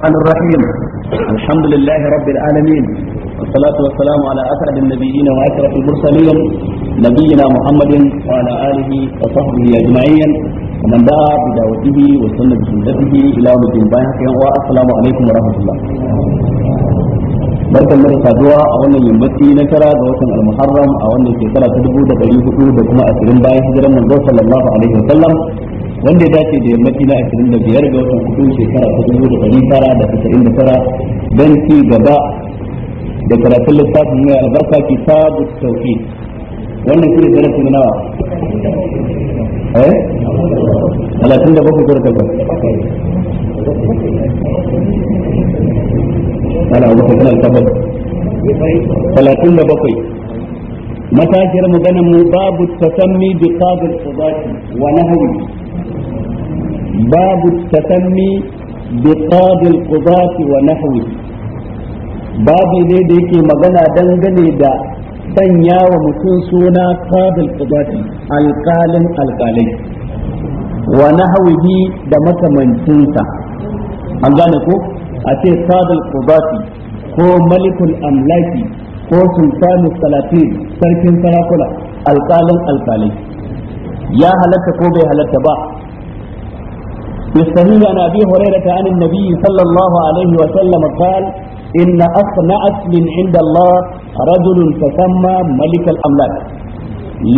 الرحمن الرحيم الحمد لله رب العالمين والصلاة والسلام على أسعد النبيين وأشرف المرسلين نبينا محمد وعلى آله وصحبه أجمعين ومن دعا بدعوته وسن بسنته إلى يوم الدين والسلام عليكم ورحمة الله barkan mu da saduwa a wannan yammaci na tara ga watan al-muharram a wannan shekara ta dubu da ɗari hudu da kuma ashirin bayan hijiran manzo sallallahu alaihi wa sallam wanda ya dace da yammaci na 25 ga watan kudu shekara ta dubu da ɗari tara da tasa'in da tara don ci gaba da karatun littafin mai albarka kitabu tauhid wannan shi ne darasi na nawa eh talatin da bakwai kura tabbas ana abokan kana tabbas talatin da bakwai matashiyar maganar mu babu tasammi bi qadil qudati wa nahwi باب التسمي بقاضي القضاة ونحوه باب لديك magana dangane da sanya wa mutum suna qadil qudati alqalin alqalai wa nahwihi da makamancinsa an gane ko a ce qadil qudati ko malikul amlaki ko sultanu salatin sarkin sarakuna alqalin alqalai ya halarta ko bai halarta ba في الصحيح عن ابي هريره عن النبي صلى الله عليه وسلم قال ان اصنع من عند الله رجل تسمى ملك الاملاك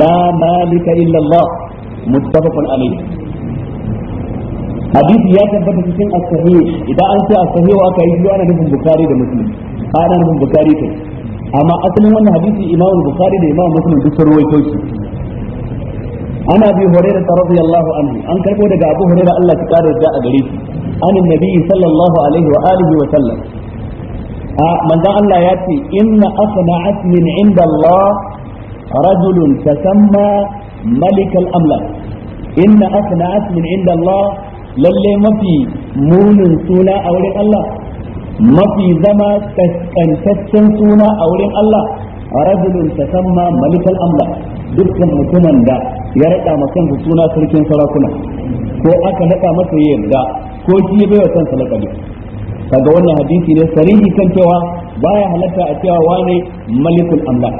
لا مالك الا الله متفق عليه hadisi ya tabbatar cikin as-sahih idan an ce as aka yi ana nufin bukhari da muslim ana nufin bukhari amma asalin wannan hadisi imam bukhari da imam muslim duk sun ana bi hurairah radiyallahu anhu an karbo daga abu hurairah Allah ta kare da a gare shi an annabi sallallahu alaihi wa alihi wa sallam a manzon Allah ya ce inna asna'at min inda Allah rajulun tasamma malik al-amlak inna asna'at min inda Allah lalle mafi munin suna a wurin Allah mafi zama kaskantaccen suna a wurin Allah rajulun tasamma malik al-amlak dukkan mutumin da ya raɗa ma kansa suna sarkin sarakuna ko aka naɗa masa ya yarda ko shi ya baiwa kansa laƙabi kaga wannan hadisi ne sarihi kan cewa baya halatta a cewa wane malikul amla.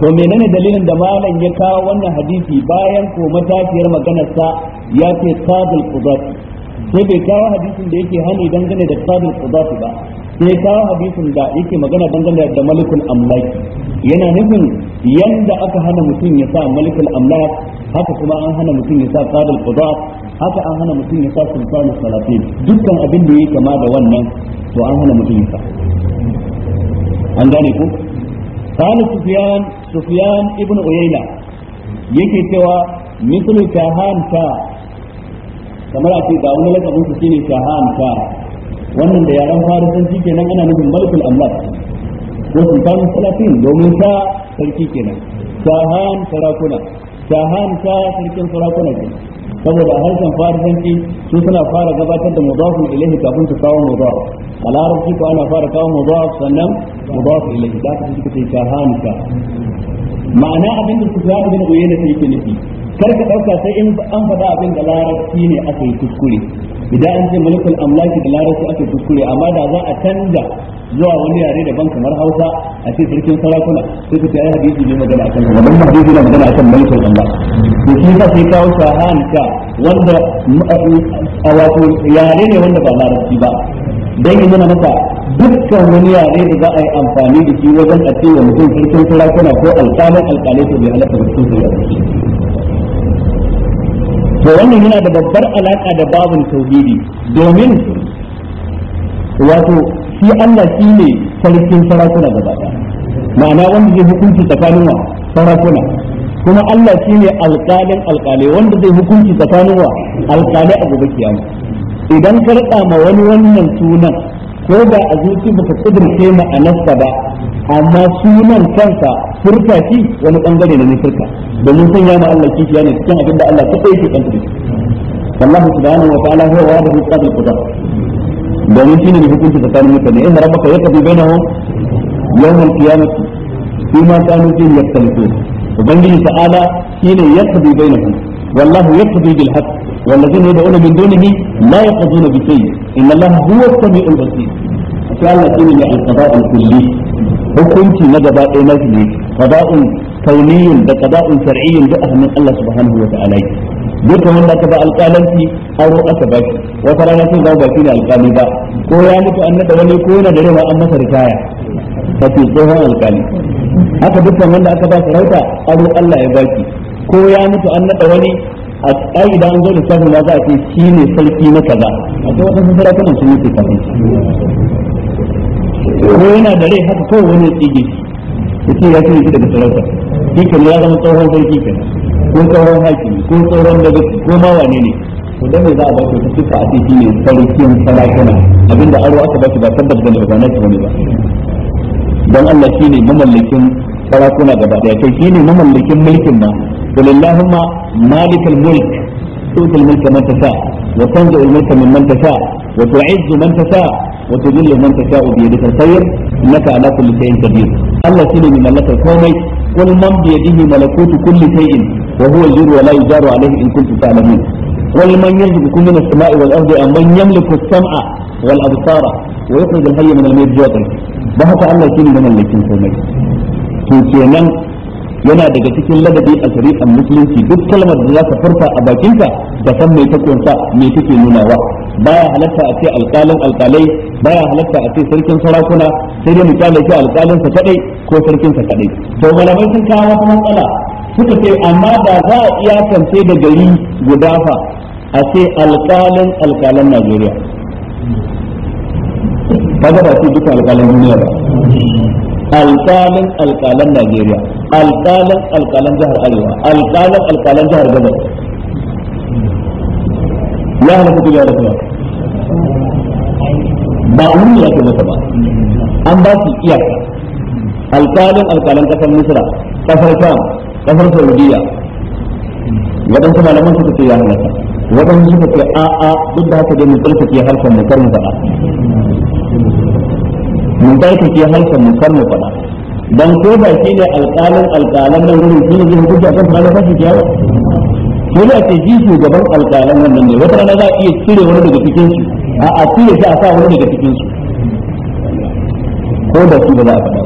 to menene dalilin da malam ya kawo wannan hadisi bayan ko maganar maganarsa ya ce qadul qudat sai bai kawo hadisin da yake hani dangane da qadul qudat ba sai kawo hadisin da yake magana dangane da malikul amlaki yana nufin yanda aka hana mutum ya sa malikul amlak haka kuma an hana mutum ya sa qadul qudat haka an hana mutum ya sa sultanul salatin dukkan abin da yake kama da wannan to an hana mutum ya sa an gane ku qala sufyan sufyan ibn uyayna yake cewa mithlu kahanta kamar a ce ga wani lakabin su shine kahanta wannan da yaran farisanci kenan ana nufin malikul amlak ko sultan salatin domin ta sarki kenan sahan sarakuna sahan ta sarkin sarakuna kenan saboda harshen farisanci su suna fara gabatar da mudafin ilaihi kafin su kawo mudaf a larabci ko ana fara kawo mudaf sannan mudaf ilaihi da su suka ce sahan ta ma'ana abinda abin da su fara bin uyena sai yake nufi kar ka ɗauka sai in an faɗa abin da larabci ne aka yi kuskure idan an ce malakul amlaki da larabci aka kuskure amma da za a canza zuwa wani yare da ban kamar hausa a ce sarkin sarakuna sai ka ce ai hadisi ne magana akan wannan ba hadisi ne magana akan malakul amlaki to shi ka sai kawo shahanta ka wanda a wato yare ne wanda ba larasi ba dan yi mana maka dukkan wani yare da za a yi amfani da shi wajen a ce wa mutum sarkin sarakuna ko alƙalin alƙalai to bai halatta ba cikin sarakuna da wannan yana da babbar alaka da babu tauhidi domin wato shi Allah shi ne sarkin sarakuna gaba ma'ana wanda zai hukunci tsakanin wa sarakuna kuma Allah shi ne alƙalin alƙale wanda zai hukunci tsakanin wa alƙale a gobe kiyama idan karɓa ma wani wannan sunan ko da a zuci baka kudurce ma'anarsa ba amma sunan kansa furta shi wani bangare na nufurka domin sun ya Allah kishiya ne cikin abin da Allah ta kai shi kanta da shi Allah subhanahu wa ta'ala huwa wa da qadil qadar domin shi ne hukunci tsakanin mutane inna rabbaka yaqdi bainahum yawm al-qiyamati bima kanu fihi yaktalifun ubangiji ta'ala bai na bainahum wallahu yaqdi bil haqq والذين يدعون من دونه لا يقضون بشيء إن الله هو السميع البصير فعلا إني القضاء الكلي hukunci na gaba ɗaya na shi ne qada'un kauniyin da qada'un shar'iyyin da ahmin Allah subhanahu wa ta'ala duk da wanda aka ba alƙalanci aro aka ba wata rana sun zama baki da alƙali ba ko ya mutu an nada wani ko yana da rewa an masa ritaya kace tsohon alƙali haka dukkan wanda aka ba sarauta aro Allah ya baki ko ya mutu an nada wani a ai da an zo da shafin ba za a ce shi ne sarki na kaza akwai wadansu sarakunan sun yi kafin ko yana da rai haka kowa wani tsige shi ce ya tsige shi daga sarauta shi kan ya zama tsohon sarki kan ko tsohon haki? ko tsohon daga ko ma wane ne to dan me za a ba shi suka a ce shi ne sarkin sarakuna abinda aro aka ba shi ba tabbas da ba na shi ba Don Allah shi ne mamallakin sarakuna gaba daya kai shine mamallakin mulkin ma qul allahumma malikal mulk tu'til mulka man tasha wa tanzu'ul mulka mimman tasha wa tu'izzu man tasha wa tudhillu man tasha bi yadikal khair innaka ala kulli shay'in qadir Allah shine mai mallakar komai qul man bi yadihi malakutu kulli shay'in wa huwa yujru wa la yujaru alayhi in kuntum ta'lamun قل من يرزقكم من السماء والارض ام من يملك السمع والابصار ويخرج الحي من الميت جوعا بهذا الله شيء من mallakin komai. to kenan yana daga cikin ladabi a shari'ar musulunci duk kalmar da za ka farfa a bakinka da san mai ta me take nunawa baya halatta a ce alƙalin alƙalai baya halatta a ce sarkin sarakuna sai dai misali ce alƙalin sa kadai ko sarkin sa kadai to malamai sun kawo wata matsala suka ce amma ba za a kance da gari guda fa a ce alƙalin alƙalan Najeriya kaga ba ce duka alƙalin duniya ba alƙalin alƙalan Najeriya alƙalin alƙalan jihar Arewa alƙalin alƙalan jihar Gabas ya halatta ku ya rasu ba wuri ya ke mata ba an ba su iyaka alƙalin alƙalan ƙasar Misra ƙasar Sham ƙasar Saudiya waɗansu malaman suka ce ya halatta waɗansu suka ce a'a duk da haka dai mu tsarkake harshen mu kar mu faɗa mun ke harshe mun kar mu faɗa dan ko ba shi ne alƙalin alƙalan nan gurin shi ne zai hukunta kan ranar fashi kiyawa ko da ke ji shugaban alƙalan wannan ne wata rana za a iya cire wani daga cikin su a a cire shi a sa wani daga cikin su ko da su ba za a faɗa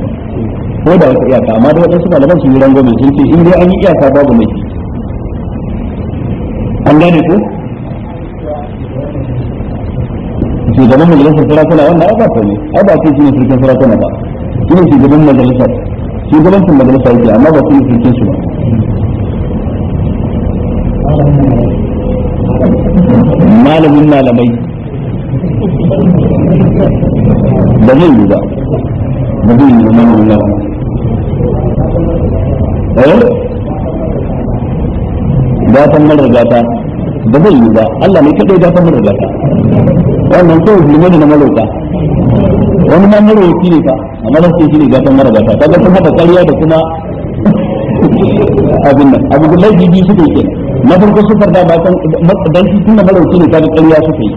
ko da wata iyaka amma da waɗansu malaman su yi rangwamen sun ce in dai an yi iyaka babu laifi an gane ko shugaban majalisar sarakuna wanda aka ba ne ai ba shi ne sarkin sarakuna ba shi ne shugaban majalisar shugabancin majalisa yake amma ba su ne sarkin su ba malamin malamai ba zai yi ba ba zai yi malamin malamai eh? gatan mara gata ba zai yi ba Allah ne kaɗai da fara da ka wannan ko zulmi ne na malauka wani ma yi ne fa amma da shi ne gatan mara gata ta sun haka ƙarya da kuma abin nan abu gullai biyu suka ke na farko su da ba kan dan shi da marauki ne kaga ƙarya suke yi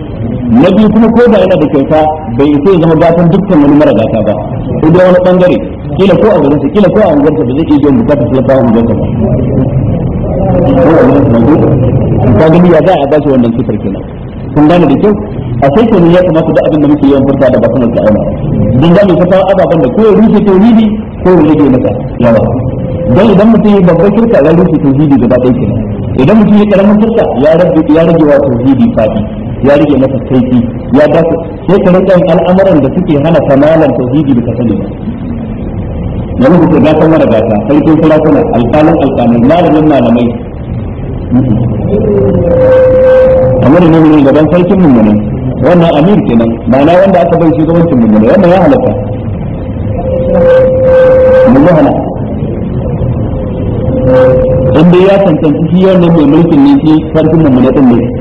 na biyu kuma ko da yana da kyauta bai isa ya zama gatan dukkan wani mara gata ba ko da wani bangare kila ko a garinsa kila ko a unguwarsa ba zai iya biyan bukatar sai ba unguwarsa ba ka gani ya za a ba shi wannan sifar kenan kun gane da kyau a sai kenan ya kamata da abin da muke yawan furta da bakan da aina din da mun fata ababan da ko rufe tauhidi ko rage masa yawa dan idan mutum ya babbar kirka ya rufe tauhidi gaba ɗaya kenan idan mutum ya karamin kirka ya rage ya rage wa tauhidi fadi ya rage masa kaifi ya dace sai ka rinka al'amuran da suke hana kamalan tauhidi da kasani da muka ce gatan mara gata sarkin sarakuna alƙalin alƙalin malamin malamai kamar da ne gaban sarkin mummune wannan amir kenan ma'ana wanda aka bai shugabancin mummune wannan ya halatta mun hana in dai ya cancanci shi wannan mai mulkin ne shi sarkin mummune din ne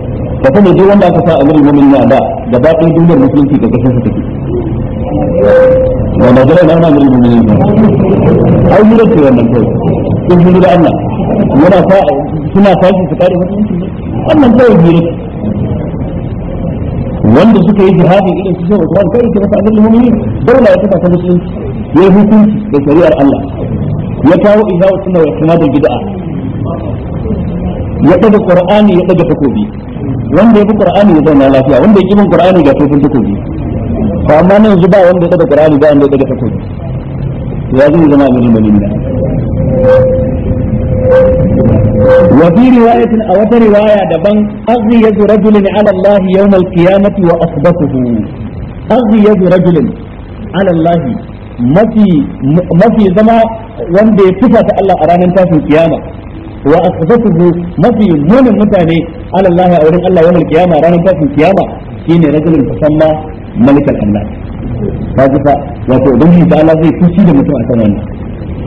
ka kuma duk wanda aka sa a mulkin mummune da gaba ɗaya duniyar musulunci da kashin sa take ba na na namun mummuni ba ai hira ce wannan kai sun hira da Allah yana fa suna fashi su kare mutunci wannan kai wanda suka yi jihadi irin su shehu Usman kai ke masa abin mummuni daula ya kafa ta musulunci yayi hukunci da shari'ar Allah ya kawo ihawu sunna wa ihtimadul bid'a ya daga qur'ani ya daga takobi wanda ya bi qur'ani ya zauna lafiya wanda ya ki qur'ani ga tofin takobi ba amma nan yanzu ba wanda ya kada qur'ani ba wanda ya kada takobi ya zai zama mai malin da wa fi riwayatin a wata riwaya daban aghyaz rajulin ala Allah yawm al-qiyamati wa asbatuhu aghyaz rajulin ala Allah mafi mafi zama wanda ya fita ta Allah a ranar tashin kiyama wa asbatuhu mafi munin mutane ala Allah a wurin Allah yawm al-qiyama ranar tashin kiyama shine rajulin fasamma malikan Allah ka ji fa wato ubangiji ta Allah zai fushi da mutum a akan wannan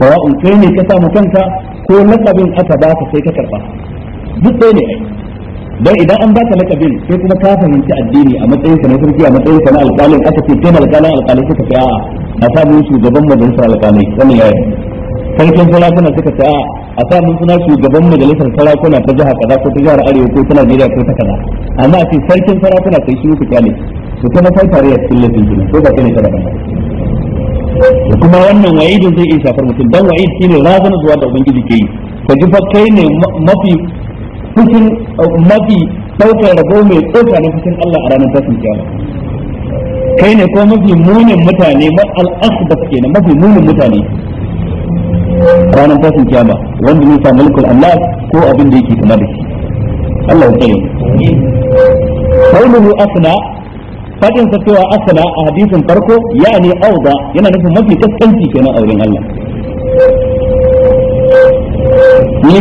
sawa'un kai ne ka samu kanka ko lakabin aka ba ka sai ka karba duk ɗaya ne dan idan an ba baka lakabin sai kuma ka fahimci addini a matsayin ka na sarki a matsayin ka na alƙalin aka ce kai alƙalin alƙalin suka fi a a samu shugaban majalisar alƙalai wannan yayi sarkin sarakuna suka ce a a samu suna shugaban majalisar sarakuna ta jaha kaza ko ta jihar arewa ko ta Najeriya ko ta kaza amma a ce sarkin sarakuna kai shi ku kyale to kuma kai tare a cikin laifin kenan ko ba kai ne ka daban da kuma wannan wa'idin zai iya shafar mutum dan wa'id shine razana zuwa da ubangiji ke yi ka ji fa kai ne mafi fushin mafi daukar rabo mai tsoka na fushin Allah a ranar tashin kiyama kai ne ko mafi munin mutane ma al-asbas kenan mafi munin mutane ranar tashin kiyama wanda ne sa mulkul Allah ko abin da yake kama da shi Allah ya tsare mu qawluhu asna fadin sa cewa asala a hadisin farko yani auda yana nufin mafi kaskanci kenan a wurin Allah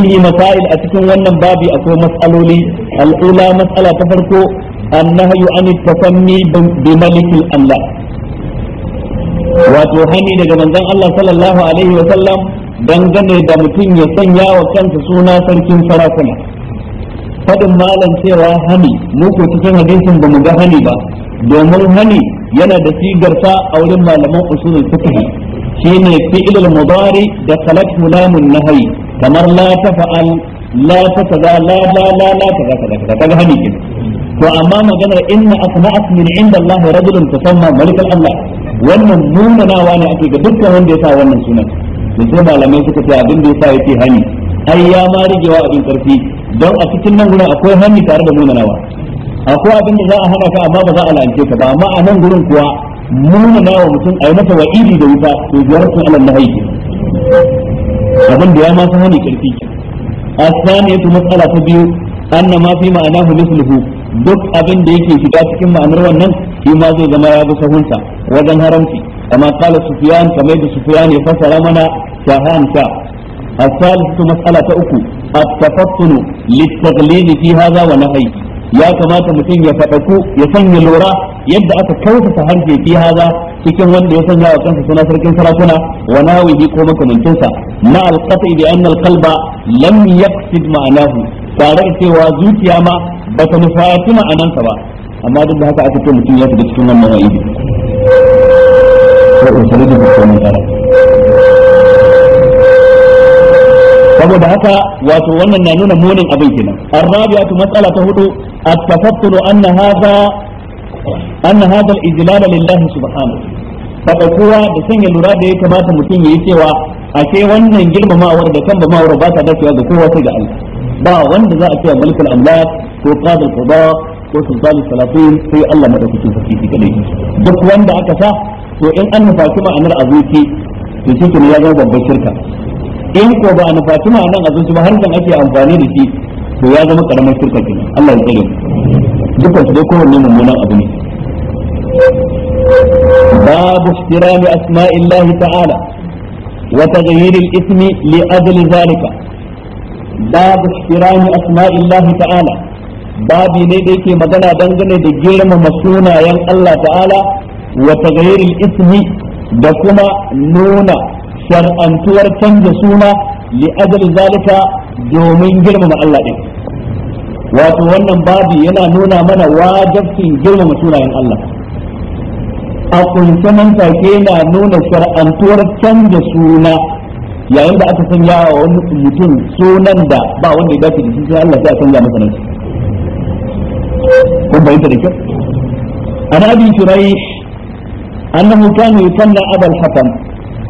yi masail a cikin wannan babi akwai mas'aloli al'ula mas'ala ta farko annahyu an tasammi bi malikil Allah. wato hani daga manzon Allah sallallahu alaihi wa sallam dangane da mutum ya sanya wa kansa suna sarkin sarakuna fadin malam cewa hani mu ko cikin hadisin ba mu ga hani ba domin hani yana da sigarta a wurin malaman usulul fiqh shine fi'il mudari da salatu lamun nahyi kamar la tafa'al la takaza la la la la kaza hani to amma maganar inna asma'at min inda Allah rajulun tusamma malik Allah wannan munanawa ne ake ga duka wanda ya sa wannan sunan da sai malamai suka ce abin da ya sa yake hani ai ya ma rigewa abin karfi don a cikin nan gurin akwai hani tare da munanawa akwai abin da za a hana ka amma ba za a lalace ka ba amma a nan gurin kuwa nuna na wa mutum a yi masa wa'idi da wuta to ziyaratun alal nahayi abin da ya ma san hani kirki asaniyatu mas'ala ta biyu anna ma fi ma'anahu misluhu duk abin da yake shiga cikin ma'anar wannan shi ma zai zama ya bi sahunsa wajen haramci كما قال سفيان كما يجي سفيان يفسر لنا شهان uku الثالثة مسألة أكو التفطن haza wa na ونهيه ya kamata mutum ya faɗaku ya sanya lura yadda aka kautata harshe fi haza cikin wanda ya sanya wa kansa suna sarkin sarakuna wa nawihi ko makamantinsa na alqati bi anna alqalba lam yaqsid ma'anahu tare da cewa zuciya ma ba ta nufaci ma'anansa ba amma duk da haka aka ce mutum ya fita cikin wannan wa'idi saboda haka wato wannan na nuna munin abin kenan arabiya to matsala ta hudu التفطن أن هذا أن هذا الإجلال لله سبحانه فأقوى بسنة الرادة كما تمتين يتوى أشي وانا جلب ما ورد كم ما ورد باتا دا سوى ذكوة تجعل با وانا ذا أشي ملك الأملاك ko qadil qada ko sultanul salatin sai Allah madaukakin sarki shi kadai duk wanda aka sa to in an nufaci ma'anar azuki to shi ya zama shirka in ko ba a nufaci ma'anar azuki ba har kan ake amfani da shi to ya zama karamar shirka kenan Allah ya tsare dukkan su dai kowanne mummunan abu ne babu ihtirami asma'illahi ta'ala wa taghyir al li ajli zalika babu ihtirami asma'illahi ta'ala babi ne da yake magana dangane da girmama sunayen Allah ta'ala wa taghyir ismi, da kuma nuna shar'antuwar canza suna li ajli zalika domin girmama Allah din wato wannan babu yana nuna mana wajabcin girmama sunayen Allah a kunsa nan take yana nuna shar'antuwar canza suna yayin da aka sanya wa wani mutum sunan da ba wanda ya dace da shi sai Allah sai a canza masa nan kun bayyana da kyau an abi shuraish annahu kana yusalla abul hakam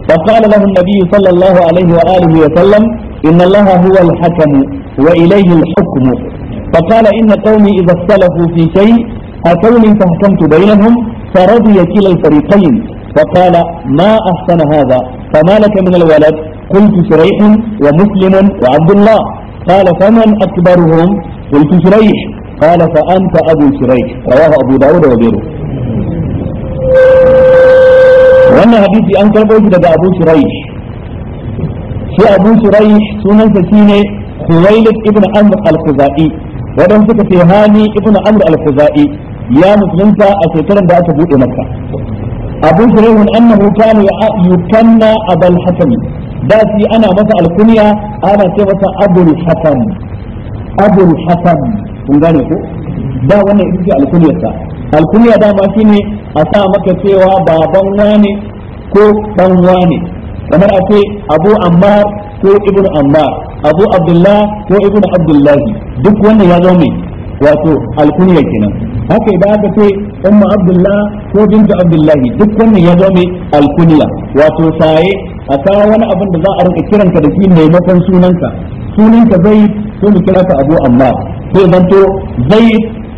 فقال له sallallahu alaihi الله عليه wa sallam. إن الله هو الحكم وإليه الحكم فقال إن قومي إذا اختلفوا في شيء أتوني فحكمت بينهم فرضي كلا الفريقين فقال ما أحسن هذا فما لك من الولد قلت شريح ومسلم وعبد الله قال فمن أكبرهم قلت شريح قال فأنت أبو شريح رواه أبو داود وغيره وأن حديثي أنكر قلت أبو شريح shi abu shirai sunansa shine khuwailid ibn amr al-khuzai wadan suka ce hani ibn amr al-khuzai ya musulunta a shekarar da aka bude makka abu shuraih annahu kana yukanna abul hasan da shi ana masa alkunya ana ce masa abul hasan abul hasan kun gane ko da wannan ita ce alkunyarsa alkunya dama ne a sa maka cewa baban wane ko dan wane kamar a ce abu ammar ko ibn ammar abu abdullah ko ibn abdullah duk wannan ya zama mai wato alkunya kenan haka idan aka ce umma abdullah ko bintu abdullah duk wannan ya zama mai alkunya wato saye a kawo wani abin da za a rinka kiranka da shi maimakon sunanka sunanka zai sai mu kira ka abu ammar sai zanto zai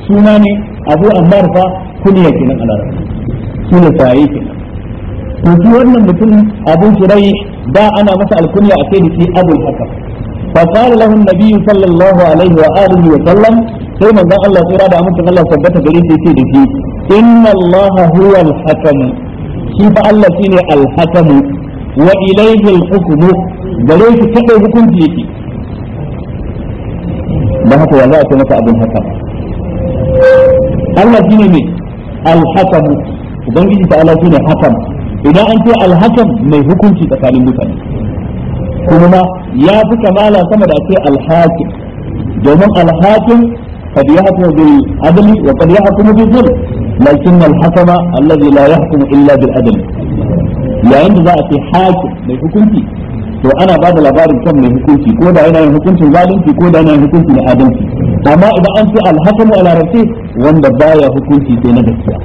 suna ne abu ammar fa kunya kenan a larabci shine saye kenan to shi wannan mutum abin shirai da ana masa alkunya a kai da shi abin hakam fa qala lahu an-nabi sallallahu alaihi wa alihi wa sallam sai manzon Allah tsira da amincin Allah tabbata gare shi yace da shi inna Allah huwa al-hakam shi fa Allah shine al-hakam wa ilayhi al-hukm gare shi kada hukunci yake da haka ya za a ce masa abin hakam Allah shine ne al-hakam ubangiji ta Allah shine hakam idan an ce alhakan mai hukunci tsakanin mutane kuma ya fi kamala sama da ce alhakin domin kad ya bil adli wa kad ya بالعدل bil zulm lakin لكن alladhi la yahkum illa bil بالعدل yayin da za a ce hakim mai hukunci to ana ba da labarin kan mai hukunci ko da yana yin hukuncin zalunci ko da yana yin hukunci na adalci amma idan an ce alhakamu a larabci wanda baya hukunci sai na gaskiya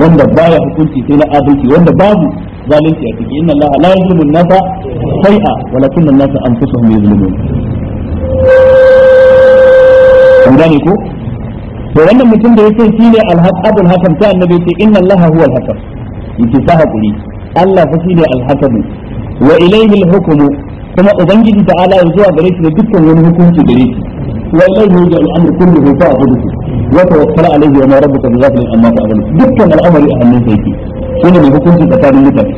wanda baya hukunci sai na adalci wanda babu zalunci a ciki inna allaha la yuzlimu an-nasa shay'a walakin an-nasa anfusuhum yuzlimun an gane ko to wannan mutum da yace shine al-haqqul hakam ta annabi yace inna allaha huwa al-hakam yace sa hakuri Allah fa shine al-hakam wa ilayhi al-hukmu kuma ubangiji ta'ala ya a gare shi da dukkan wani hukunci gare shi wallahi yaj'al al-amr kulluhu fa'budu wa tawakkal alayhi wa ma rabbuka bi ghafilin amma ta'malu dukkan al'amari a hannun sa yake shine mai hukunci tsakanin mutane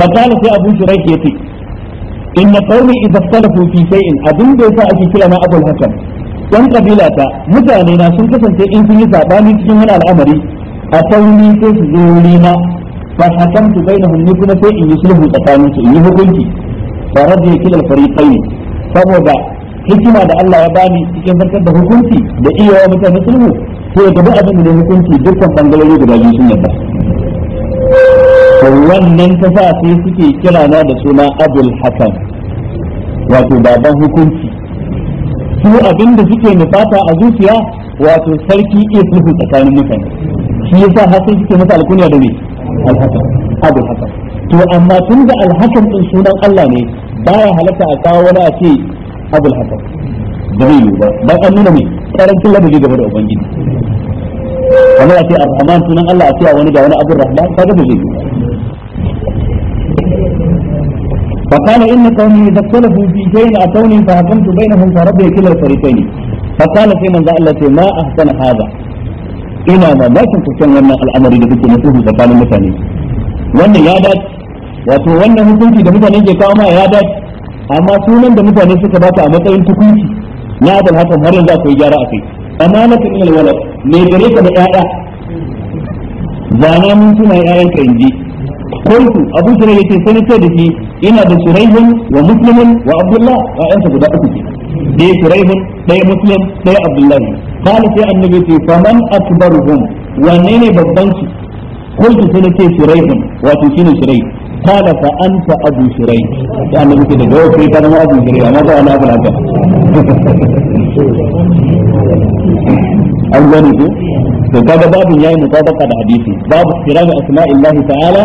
fakala sai abu shuraih yace inna qaumi idza ikhtalafu fi shay'in abin da yasa na abul hasan yan ta mutane na sun kasance in sun yi sabani cikin wani al'amari a sauni sai su zo na fa hakamtu bainahum ni kuma sai in yi sulhu tsakanin su in yi hukunci fa radiya kilal fariqayn saboda hikima da Allah ya bani cikin zartar da hukunci da iya wa mutane sulhu sai ga duk abin da hukunci dukkan bangarori da biyu sun yadda wannan ta sa sai suke kira na da suna Abdul Hakan wato baban hukunci su abin da suke nufata a zuciya wato sarki iya sulhu tsakanin mutane shi ya yasa hakan suke masa alkunya da me alhakan Abdul Hakan to amma tun da alhakan din sunan Allah ne baya halatta a kawo wani a ce abul hasan da zai yi ba dan an nuna mai karancin ladabi game da ubangiji kamar a ce arhaman sunan Allah a cewa wani da wani abul rahman kaga da zai yi فقال إن قومي إذا اختلفوا في شيء أتوني فحكمت بينهم فربي كلا الفريقين فقال في من ذا ما أحسن هذا ina mamakin kusan wannan al'amari da kuke na sulhu tsakanin mutane wannan ya dace wato wannan hukunci da mutane ke kawo ma ya dace amma sunan da mutane suka bata a matsayin tukunci na abul hasan har yanzu akwai gyara a kai amanatun ilal walad me gare ka da ƴaƴa zana mun tuna ƴaƴan ka inji kuntu abu sura yace na ce da shi ina da shuraihun wa muslimun wa abdullah ƴaƴansa guda uku ke shuraihun muslim sai annabi ce faman akbaruhum wanne ne babban su kuntu sai shuraihun wato shine shuraihun qala fa abu shirai da annabi ke da gawa kai ka zama abu shirai amma abu haka an gani ko to kaga babin yayi mutabaqa da hadisi babu kirami asma'illahi ta'ala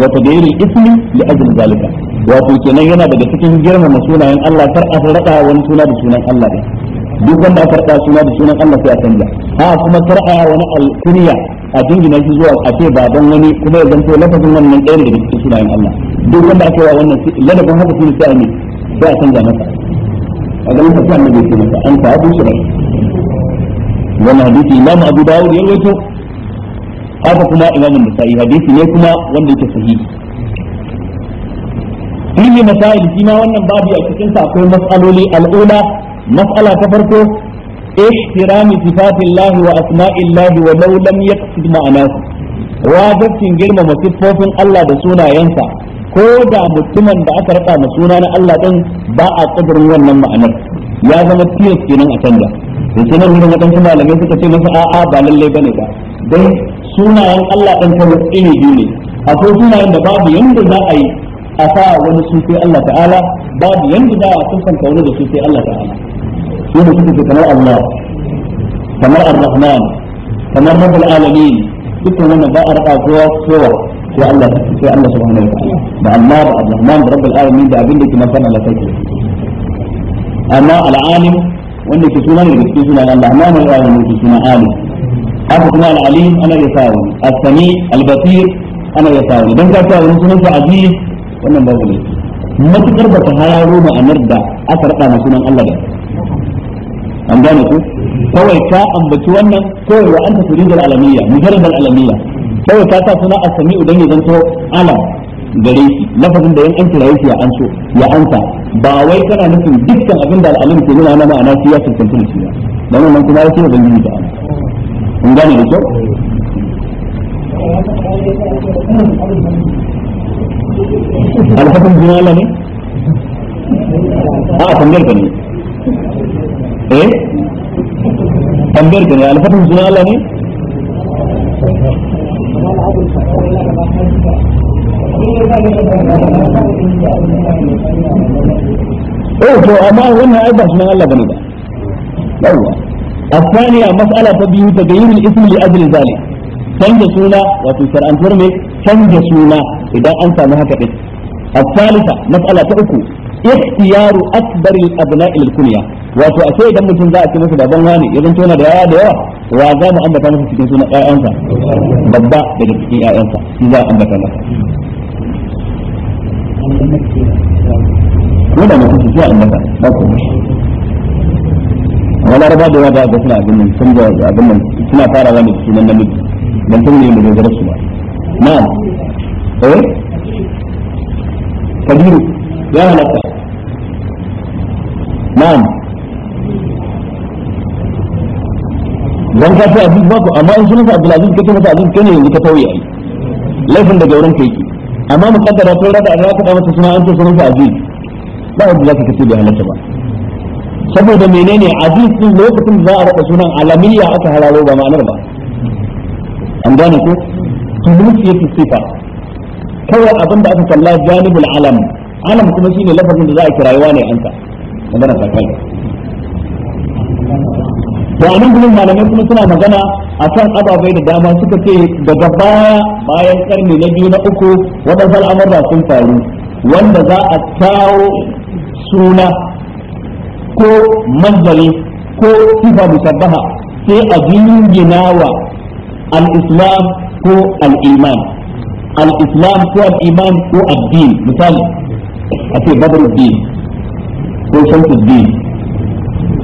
wa tadayyir ismi li ajli zalika wato kenan yana daga cikin girmama sunayen Allah a suna da sunan Allah duk wanda aka suna da sunan Allah sai a canja ha kuma kar wani alkuniya a dingina shi zuwa a ce baban wani kuma ya zanto lafazin wannan ɗaya daga cikin sunayen Allah duk wanda aka yi wannan ladabin haka shi sai ne sai a canza masa a ganin sa sai annabi ce masa an ta abu shirai wannan hadisi imamu abu dawud ya rawaito haka kuma imamu nasa'i hadisi ne kuma wanda yake sahihi fihi masail shi ma wannan babu a cikin sa akwai mas'aloli al'ula mas'ala ta farko ihtirami sifatillah wa asma'illah wa law lam yaqsid ma'anahu wajibcin girmama siffofin Allah da sunayensa ko da mutumin da aka rasa ma suna na Allah din ba a kadirin wannan ma'anar ya zama tilas kenan a canja da shi nan wurin waɗansu malamai suka ce masa a'a ba lalle bane ba dan sunayen Allah din ta iri biyu akwai sunayen da babu yanda za a yi a sa wani su Allah ta'ala babu yanda za a kusanta wani da su Allah ta'ala في مشكلة كماء الله سماء الرحمن سماء رب العالمين كتن هنا ذا أربع صور صور في الله في الله سبحانه وتعالى مع النار الرحمن رب العالمين ذا لك ما كان لك سيكل أما العالم وإن كسونا يكسونا الله ما هو العالم كسونا عالم أبو كماء العليم أنا يساوي السميع البصير أنا يساوي بنك أساوي نسونا عزيز وإنما بغلي ما تقربت هاي روما أنرد أسرقنا سنان الله an gane ku kawai ka ambaci wannan kawai wa anta turidul alamiyya mujarrad alamiyya kawai ka ta suna as-sami'u dan ya zanto alam gare shi lafazin da yan an kira shi ya an so ya ansa ba wai kana nufin dukkan abin da al'alim ke nuna na ma'ana shi ya tantance shi ba dan wannan kuma yake ban yi da an gane da kyau alhakan jina Allah ne a tambayar ba ne ايه انظر كده على فتح الزناء الله ليه اوه ايضا عشان الله بنيدا لو الثانية مسألة تبيه تغيير الاسم لأجل ذلك تنجى سونا وفي سر أن ترمي سونا إذا أنت مهكك إيه. الثالثة مسألة تأكو اختيار أكبر الأبناء للكنية wato a idan mutum za a ce masa baban wani ya zanto na da yawa da yawa wa za mu ambata masa cikin suna ƴaƴansa babba daga cikin ƴaƴansa shi za a ambata masa da mutum shi za a ambata ko ku amma laraba da yawa da ga suna abin nan sun ga abin nan suna fara ne da nan namiji dan tun ne mu da su ba na'am eh kabiru ya halatta na'am dan ka ce aziz babu amma in abdul abdulaziz kake masa aziz kai ne yanzu ka tauye ai laifin daga wurin kai yake amma muqaddara to rada an ka da masa suna an ce sunansa aziz ba wanda zaka kace bai halatta ba saboda menene aziz din lokacin da za a rada sunan alamiya aka halalo ba ma'anar ba an gane ko tulus yake sifa kawai abinda aka kalla janibul alam alam kuma shine lafazin da za a kirayuwa ne anta magana ta kai to a nan gudun malamai kuma suna magana a kan ababai da dama suka ce daga baya bayan karni na biyu na uku waɗansu al'amurra sun faru wanda za a kawo suna ko manzali ko sifa musabbaha sai a jingina wa al-islam ko al-iman ko al ko addini misali a ce din ko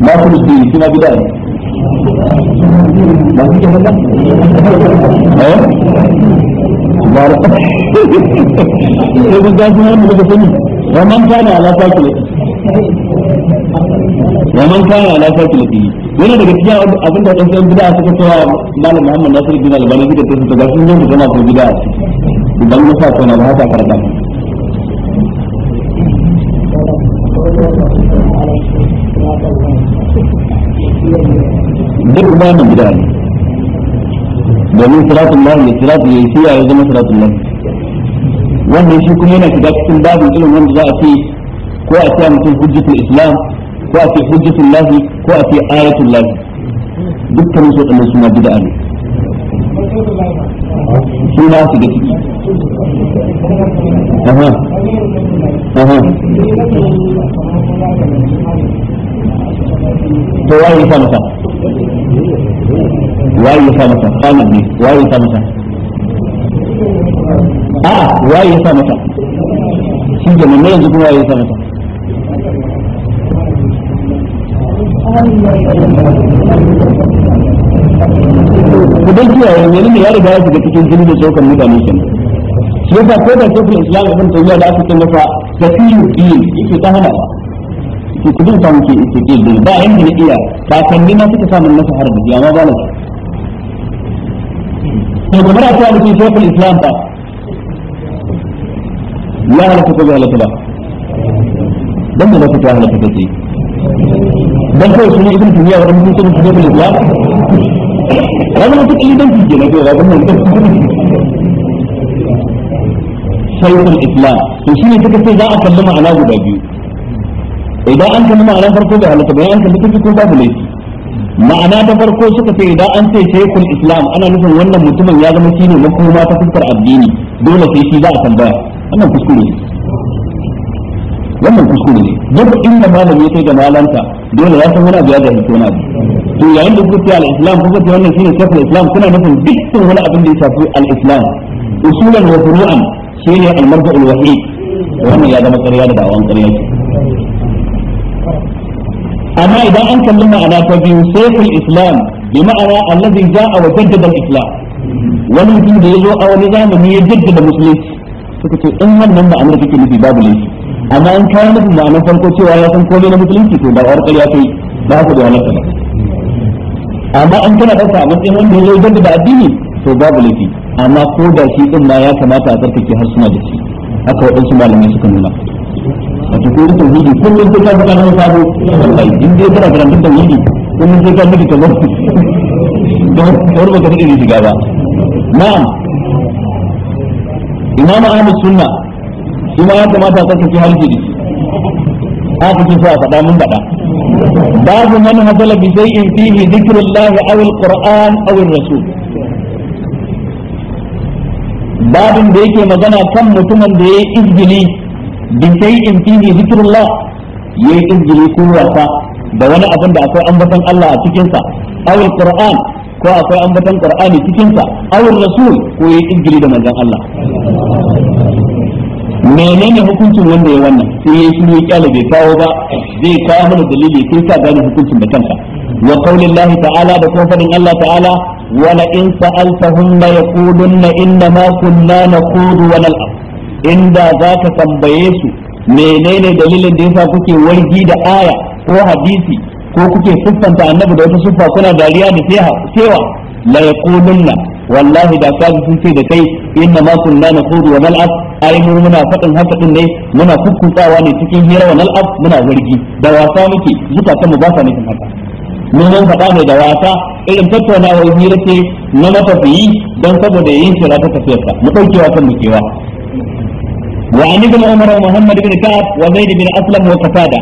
ma su da shi kuma bid'a ne ba su ke haka eh ba ra sai kun ga sunan da kuka sani wa ala daga cikin abin da ɗan sayan bid'a suka cewa malam Muhammad Nasir bin Albani suka ce su ga sun yi da ko bid'a idan na sa kana da haka karɓa duk ba nan bid'a ne domin salatul lahi da salatu ya yi ya zama salatul lahi wannan shi kuma yana shiga cikin babin ilimin wanda za a ce ko a ce mutum hujjatul islam ko a ce hujjatul lahi ko a ce ayatul lahi dukkanin su waɗannan suna gida ne suna su ga ciki aha aha to waye ya sa masa waye ya sa masa kamar ne waye ya sa masa a waye ya sa masa shi jama'a ne yanzu kuma waye ya sa masa ku dai kiyaye wani ne ya riga ya shiga cikin jini da tsokan mutane kenan shi yasa ko da shekul islam ibn tayyiba da aka tallafa kafiyu din yake ta hana ce ku bin samu ke istiqil ba yanda na iya kakanni na suka samu masa harbi amma ba na to kamar a ta mutum shekul islam ba ya halatta ko bai halatta ba dan da ku ta halatta kake dan kawai sunan ibn tumiya wadan mutum sunan shekul islam ranar mutum ilidan ki ke na kai ranar mutum shaikul islam to shi ne suka ce za a kalli ma'ana guda biyu idan an kalli ma'ana farko da halatta bayan an kalli ta ko babu laifi ma'ana ta farko suka ce idan an ce shaykhul islam ana nufin wannan mutumin ya zama shine makoma ta fuskar addini dole sai shi za a tambaya wannan kuskure ne wannan kuskure ne duk inda malami ya kai ga malanta dole ya san wani abu ya da hikima ne to yayin da kuka ce al-islam kuka ce wannan shine shaykhul islam kuna nufin dukkan wani abin da ya shafi al-islam usulan wa furu'an shine al-marja'ul wahid wannan ya zama ƙarya da da'awan ƙarya amma idan an kalli ma'ana ta biyu shaykhul islam bi ma'ana allazi ja'a wa jaddada al-islam wani mutum da ya zo a wani zamani ya jaddada musulunci suka ce in wannan ma'anar kake nufi babu laifi amma in kayan nufin ma'anar farko cewa ya san komai na musulunci to ba war ƙarya kai ba ku da halatta ba amma an kana ɗauka a matsayin wanda ya zo jaddada addini to babu laifi amma ko da shi din ma ya kamata a tsarkake har suna da shi haka waɗansu malamai suka nuna wato ko wuri kullum sai ka buka nan sabo wallahi in dai kana da wuri kullum sai ka miki shiga ba na'am imam ahmad sunna kuma ya kamata ka kace a faɗa mun faɗa babu man hasala bi fihi dhikrullah aw alquran aw rasul babin da yake magana kan mutumin da ya yi izgili bi shay'in fihi zikrullah yayi izgili ko wasa da wani abin da akwai ambaton Allah a cikin sa aw ko akwai ambaton qur'ani cikin sa aw rasul ko da Allah menene hukuncin wanda ya wannan sai ya shiru ya kyale bai kawo ba zai kawo mana dalili sai ka gane hukuncin da kanka wa qaulillahi ta'ala da kuma fadin Allah ta'ala wala in sa'altahum la yaqulunna inna ma kunna naqulu wa nal'ab inda za ka tambaye su menene dalilin da yasa kuke wargi da aya ko hadisi ko kuke siffanta annabi da wata siffa kuna dariya da cewa la yaqulunna wallahi da kaji sun ce da kai inna ma kunna naqulu wa nal'ab ai mu muna faɗin haka din ne muna kukkutawa ne cikin hira wa nal'ab muna wargi da wasa muke zukatan mu ba sa nufin haka faɗa ne da wasa irin tattaunawar hira ce na matafiyi don saboda yin shira ta tafiyarsa mu ɗauke wa kan mu وعن ابن عمر ومحمد بن كعب وزيد بن أسلم وقتادة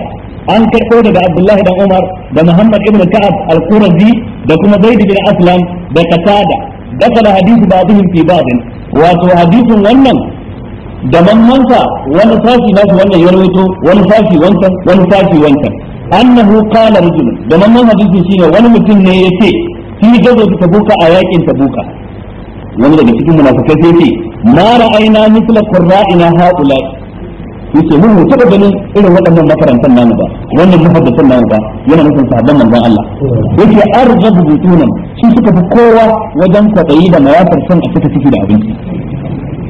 an karɓo daga abdullahi dan umar da muhammad ibn ka'ab al-qurazi da kuma zaidibin bin aslam da qatada dakala hadithu ba'dihim fi ba'din wato hadithun wannan da mammansa wani sashi na shi wannan ya rawaito wani sashi wancan wani sashi wancan annahu qala rajul da mamman shi shine wani mutum ne yace fi gazo ta buka a yakin buka. wani daga cikin munafikai sai ce ma ra'ayna mithla qurra'ina haula yace mun mutu da ganin irin waɗannan makarantan namu ba wannan muhaddisan namu ba yana nufin sahabban manzon Allah yace arzabu butunan shi suka fi kowa wajen kwadayi da mayafar son a cika ciki da abinci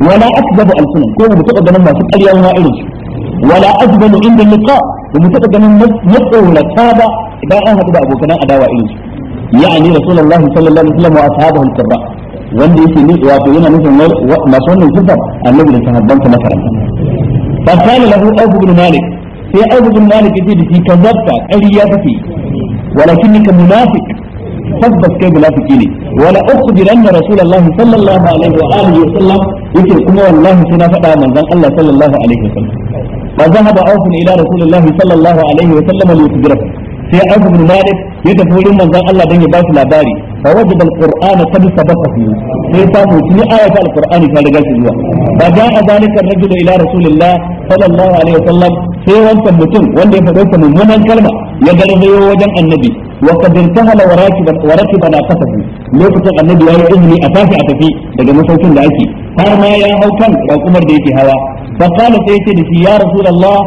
wala akdabu alsunan ko mu taɓa ganin masu ƙarya ma irin su wala azbalu inda liqa da mu taɓa ganin matsorata ba idan an haɗu da abokan adawa irin su ya'ani rasulullahi sallallahu alaihi wasallam wa ashabahu al-qurra wanda yake ni wato yana nufin masu wannan sifar annabi da sahabban sa makaranta fa kana lahu abu bin malik sai abu bin malik yace da shi kazabta ƙarya kake walakinnika munafiq tabbas kai munafiki ne wala ukhbiranna rasulullahi sallallahu alaihi wa alihi wa sallam yake kuma wallahi sai na faɗa manzon Allah sallallahu alaihi wa sallam fa zahaba awfun ila rasulillahi sallallahu alaihi wa sallam li yukhbirahu sai Auf bin Malik ya tafi wurin manzon Allah dan ya ba shi labari fa wajada al-Qur'an qad sabaqa fi sai ta mu tuni ayata al-Qur'an ta riga shi zuwa fa ja'a zalika ar-rajul ila rasulillah sallallahu alaihi wasallam sai wancan mutum wanda ya faɗo ta mummunan kalma ya garzayo wajen annabi wa qad intahala wa rakiba wa rakiba na kasafi lokacin annabi yayi izini a tashi a tafi daga masaukin da ake har ma ya hau kan raƙumar da yake hawa fa qala sai ya ce da shi ya rasulullah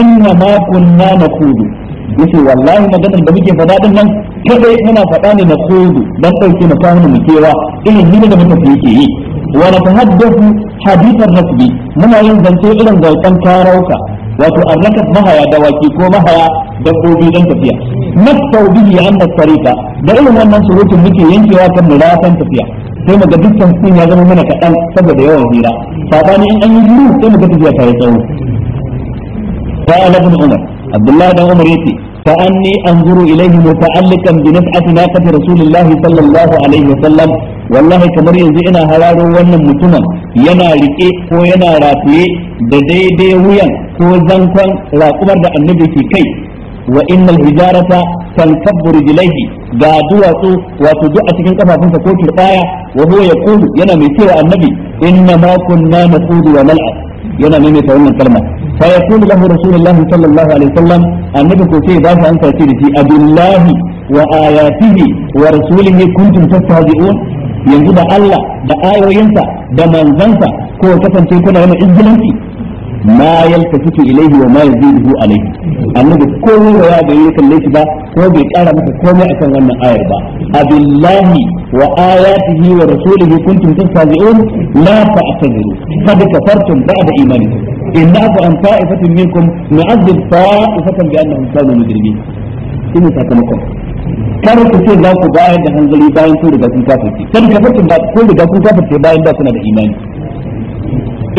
inna ma kunna naqudu yace wallahi maganar da muke faɗa din nan kadai muna faɗa ne na kodu dan sauke na fahimu mu kewa irin hira da mutum yake yi wa na tahaddathu hadithan rasbi muna yin zance irin zalkan karauka wato arnakat mahaya da waki ko mahaya da dabbobi dan tafiya nasau bihi an tarika da irin wannan surutun muke yankewa kan muratan tafiya sai mu ga dukkan sun ya zama mana kaɗan saboda yawan hira sabani in an yi hira sai mu ga tafiya ta yi tsawo Allah ابن umar abdullahi dan umar yace fa anni anzuru ilayhi muta'alliqan bi naf'ati naqati rasulillahi sallallahu alaihi wasallam wallahi kamar yanzu ina hararo wannan mutumin yana rike ko yana rataye da daidai wuyan ko zankon raƙumar da annabi ke kai wa innal hijarata tankabbu rijlaihi ga duwatsu wato duk cikin kafafunsa ko turbaya wa huwa yaqulu yana mai cewa annabi inna ma kunna nasudu wa nal'ab yana maimaita wannan salma. fa yaqulu rasulullahi sallallahu alaihi wasallam annabi ko sai ba shi ansa ce da shi wa ayatihi wa rasulihi kuntum tastahzi'un yanzu da Allah da ayoyinsa da manzansa ko kasance kuna yana izgilanci ma yaltafitu ilaihi wa ma yaziduhu alaihi annabi komai wa ya bai kalle shi ba ko bai kara masa komai akan wannan ayar ba abillahi wa ayatihi wa rasulihi kuntum tastazi'un la ta'tadiru qad kafartum ba'da imanikum in na'fu an ta'ifatin minkum nu'adhib ta'ifatan bi kar ku ce za ku bayar da hanzari bayan kun riga sun kafirce kar ka farkin ba kun riga kun kafirce bayan da suna da imani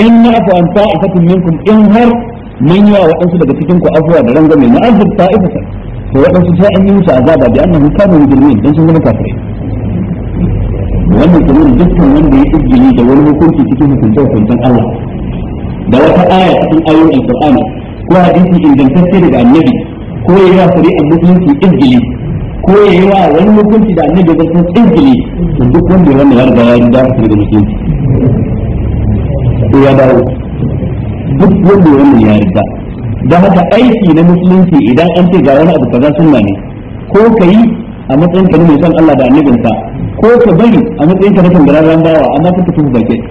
in na'fu an ta'ifatin minkum in har mun yi wa waɗansu daga cikin ku afuwa da rangame, na azab ta'ifatan to waɗansu sai an yi musu azaba bi annahum kanu mujrimin dan sun gama kafirai wannan kuma dukkan wanda ya izgini da wani hukunci cikin hukuncin hukuncin Allah da wata aya cikin ayoyin alqur'ani ko hadisi ingantacce daga annabi ko ya yi wa shari'ar musulunci izgili ko ya yi wa wani hukunci da annabi ya san izgili to duk wanda wannan ya riga ya riga da musulunci sai ya dawo duk wanda wannan ya riga don haka aiki na musulunci idan an ce ga wani abu kaza sunna ne ko ka yi a matsayin ka mai son Allah da annabinsa ko ka bari a matsayin ka na tangararren bawa amma ka tafi bakin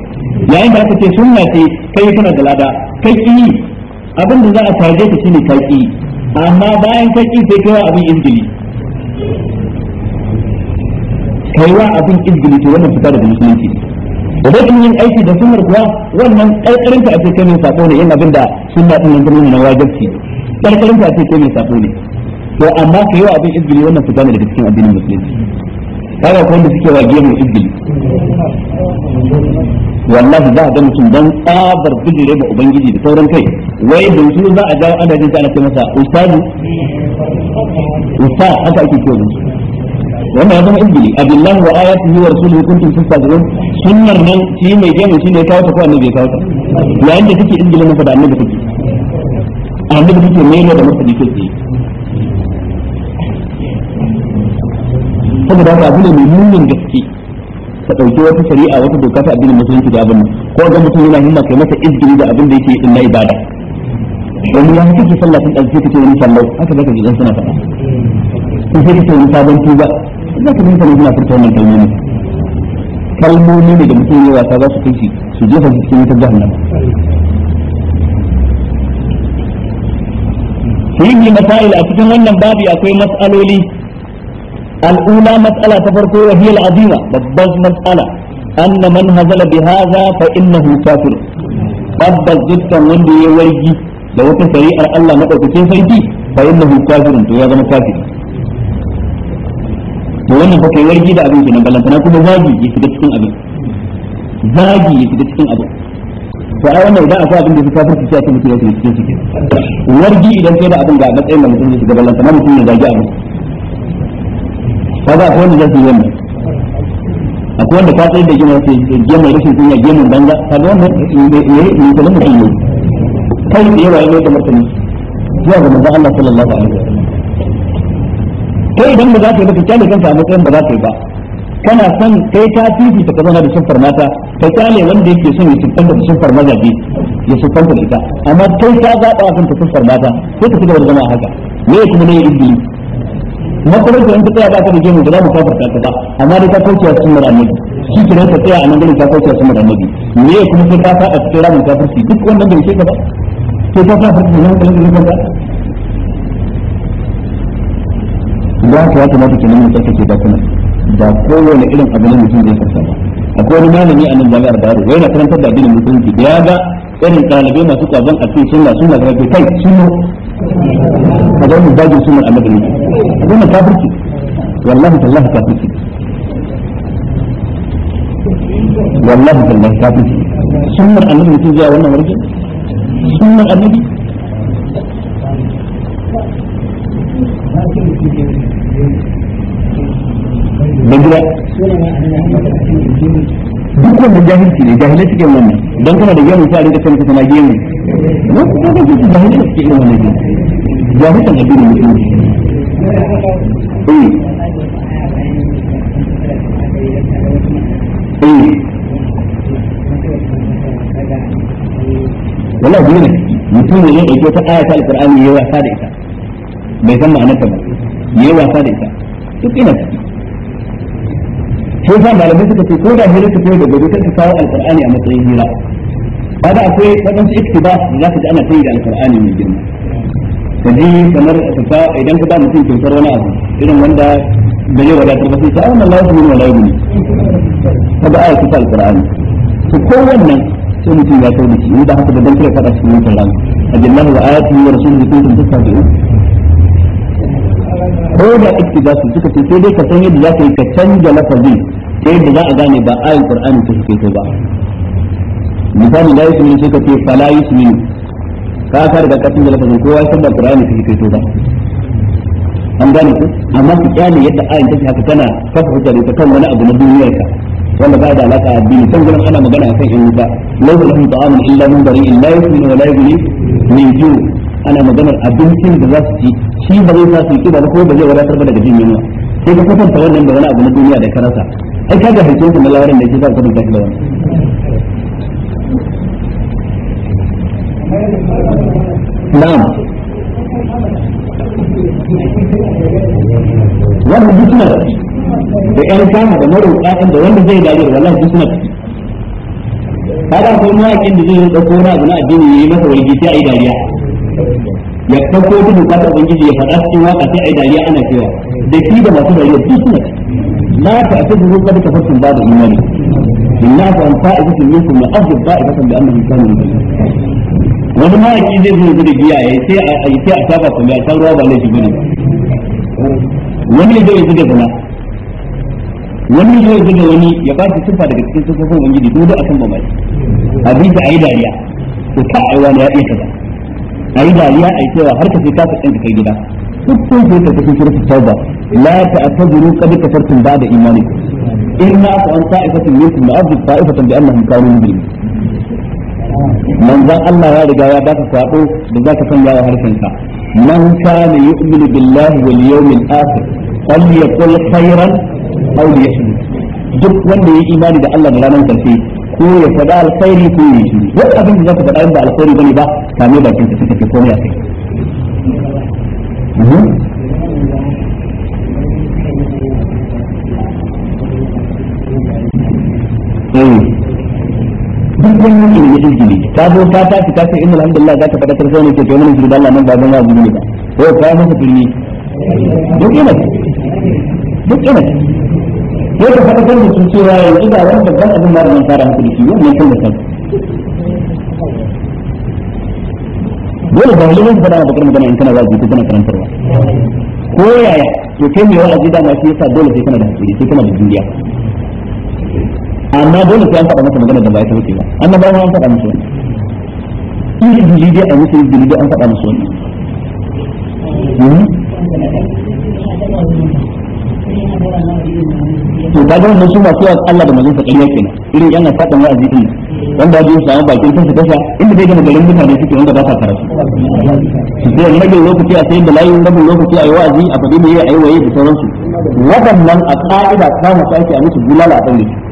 yayin da aka ce sunna ce kai kana da lada kai ki abin da za a tarje ka shine kai ki amma bayan kai ki sai kai abin injili kai wa abin injili to wannan fita daga musulunci da rashin yin aiki da sunnar kuwa wannan karkarin ka ake kai mai sako ne yin abin da sunna din nan zama na wajibi karkarin ka ake kai mai sako ne to amma ka yi wa abin izgili wannan su gane daga cikin addinin musulunci kaga ko wanda suke wage mu izgili wallahi za a ga mutum dan tsabar bijire ba ubangiji da sauran kai wai da su za a jawo adadin ta ana ce masa ustadu usta haka ake kiyo wannan ya zama injili abillahi wa ayatihi wa rasulihi kuntum tastazirun sunnar nan shi mai gemu shi ne kawo ta ko annabi ya kawo ta yayin da kake injili masa da annabi kake annabi kake mai da masa dike tsaye saboda haka abu ne mai munin gaske ka ɗauki wata shari'a wata doka ta addinin musulunci da abin ko ga mutum yana himma kai masa izgiri da abin da yake yi na ibada wani ya kake sallah sun ɗan sai ka ce wani sallau haka zaka ji dan suna faɗa kuke kuke yin sabon tuba za ka nuna kuna furta wannan kalmomi kalmomi ne da muke yi wasa za su kai su jefa su cikin wutar jahannama فيه مسائل أتكلم من باب أكوي مسألة لي الأولى مسألة تفرقوا وهي العظيمة ببز مسألة أن من هزل بهذا فإنه كافر ببز جدا من دي ويجي لو تفريق الله نقول تكين فإنه كافر انتو يا ذا مكافر to wannan fa kai warki da abin kenan balantana kuma zagi ya shiga cikin abin zagi ya shiga cikin abin to ai wannan idan a sa abin da suka farki sai mutum ya shiga cikin wargi idan kai da abin ga matsayin da mutum ya shiga balantana mutum ya zagi abin kaga akwai wanda zai yi wannan akwai wanda ka tsaye da gina sai gemar rashin kunya gemar banza kaga wannan ne ne ne kai tsaye wa ne da martani zuwa ga manzon Allah sallallahu alaihi wasallam kai idan ba za ka yi ba ka kyale kanka a matsayin ba za ka yi ba kana son kai ta ka ta ka zauna da siffar mata ka kyale wanda yake son ya siffanta da siffar mazaje ya siffanta da ita amma kai ta zaɓa a kanka siffar mata sai ka ci gaba da zama haka me ya kuma ne ibili makaranta in ka tsaya ba ka da gemu da za mu kafarta ka ba amma dai ka kauce sunnar annabi shi ke nan ka tsaya a nan gurin ka kauce sunnar annabi me ya kuma sai ka faɗa cikin ramin kafirci duk wannan ya ce ka ba sai ta sa farko ne ka yi kanka da haka ya kamata ke nemi tsarkake bakuna da kowane irin abu ne mutum zai karsa ba akwai wani malami a nan jami'ar Bayero wai na karantar da addinin musulunci da ya ga irin ɗalibai masu kwazon a cikin sunna sunna ga kai sunno ka ga mu dajin sunnar annabi wannan kafirci wallahi tallahi kafirci wallahi tallahi kafirci sunnar annabi mutum zai wannan sunnar ban gida duk wannan jahilci ne jahilai wannan don kana da gemu ta a rinka sanin kana gemu na da jahilai irin wannan gemu musulunci eh. wala mutum ne wata wasa da ita bai san wasa da ita duk ina ciki sai sa malamai suka ce ko da hira ka fiye da gobe kar ka kawo alqur'ani a matsayin hira kaga akwai wadansu iktiba da zaka ji ana tayi da alqur'ani mai girma ka ji kamar ka idan ka ba mutum kyautar wani abu irin wanda da yau wadatar ba sai ta auna Allah subhanahu wa ta'ala ka ba ayatu alqur'ani to ko wannan sai mutum ya kawo shi idan haka da dan kira fada cikin wannan ran ajallahu wa ayatuhu wa rasuluhu kuntum tattabi'un ko da iktiba su suka ce sai dai ka san yadda zaka yi ka canja lafazi ta yadda za a gane ba ayin qur'ani ta suke ba misali la yusminu sai ka ce fala yusminu ka ka daga kasin da lafazin kowa ya san ba qur'ani ta suke ba an gane ku amma su kyale yadda ayin take haka tana kafa hujja ta kan wani abu na duniyar ka wanda ba da alaka addini san gurin ana magana akan in wuta lahu lahum ta'amun illa min bari'in la yusminu wa la yughni min ju' ana maganar abincin da za su ci shi ba zai sa su yi kiba ba ko ba zai wadatar ba daga jin yunwa sai ka kwatanta wannan da wani abu na duniya da ka rasa ai kaga hancin ku na lawarin da ke sa sabon kashi da wani na'am wannan hikimar da 'yan kama da maroƙa da wanda zai dare da wallahi hikimar kaga akwai mawaƙin da zai ɗauko wani abu na addini ya yi masa wargi sai a yi dariya ya ɗauko wata bukatar ubangiji ya faɗa cikin waƙa sai a yi dariya ana cewa da shi da masu dariya hikimar لا تعتذروا قد كفرتم بعد إيمانكم بالله عن طائفة منكم لأفضل طائفة بأنهم كانوا مجرمين wani mawaki zai zo da giya ya sai a yi a saba kuma ya san ruwa ba laifi bane wani ya zai da zina wani ya zai da wani ya ba shi sifa daga cikin sufofin ubangiji dole a kan bamai abin a yi dariya ko ka wani ya iya kaza yi dariya yi cewa har ka sai ka kai gida dukkan su yake cikin surat tauba la ta'tadiru qad kafartum ba'da imanikum inna an ta'ifatin minkum ma'adhib ta'ifatan bi annahum kanu mujrimin manzon Allah ya riga ya baka sabo da zaka sanya wa harshen ka man kana yu'minu billahi wal yawmil akhir falyaqul khairan aw liyashhad duk wanda ya imani da Allah da ranar karshe ko ya faɗa alkhairi ko ya yi shi wani abin da zaka faɗa inda alkhairi bane ba kame bakin ka kake komai a kai yi izgili ta zo ta tashi ta ce inna alhamdulillah za ta fadatar sai ne ke kai mana jirgin Allah nan ba zan ya zubi ba ko ka masa turmi duk ina duk ina sai ta fadatar da su cewa yanzu ga wani zan abin da zan fara muku da shi wannan kan da kan dole ba wani zan fada bakar magana in kana za ko kana karantarwa ko yaya to kai mai wa'azi da ma shi yasa dole sai kana da hakuri sai kana da juriya amma dole sai an faɗa masa magana da ba ta wuce ba ma an faɗa musu in izini dai a musu izini dai an faɗa musu wani hmm? to ta ga wannan su masu yawan Allah da manzon sa ƙarya kenan irin yana faɗin wa din wanda ya samu bakin kansa tasha inda zai gama garin mutane suke wanda ba sa karatu sai rage lokaci a sayin da layin rabin lokaci a yi wa'azi a faɗi mai yi a yi waye da sauransu waɗannan a ƙa'ida ta mu sake a musu bulala a ɗan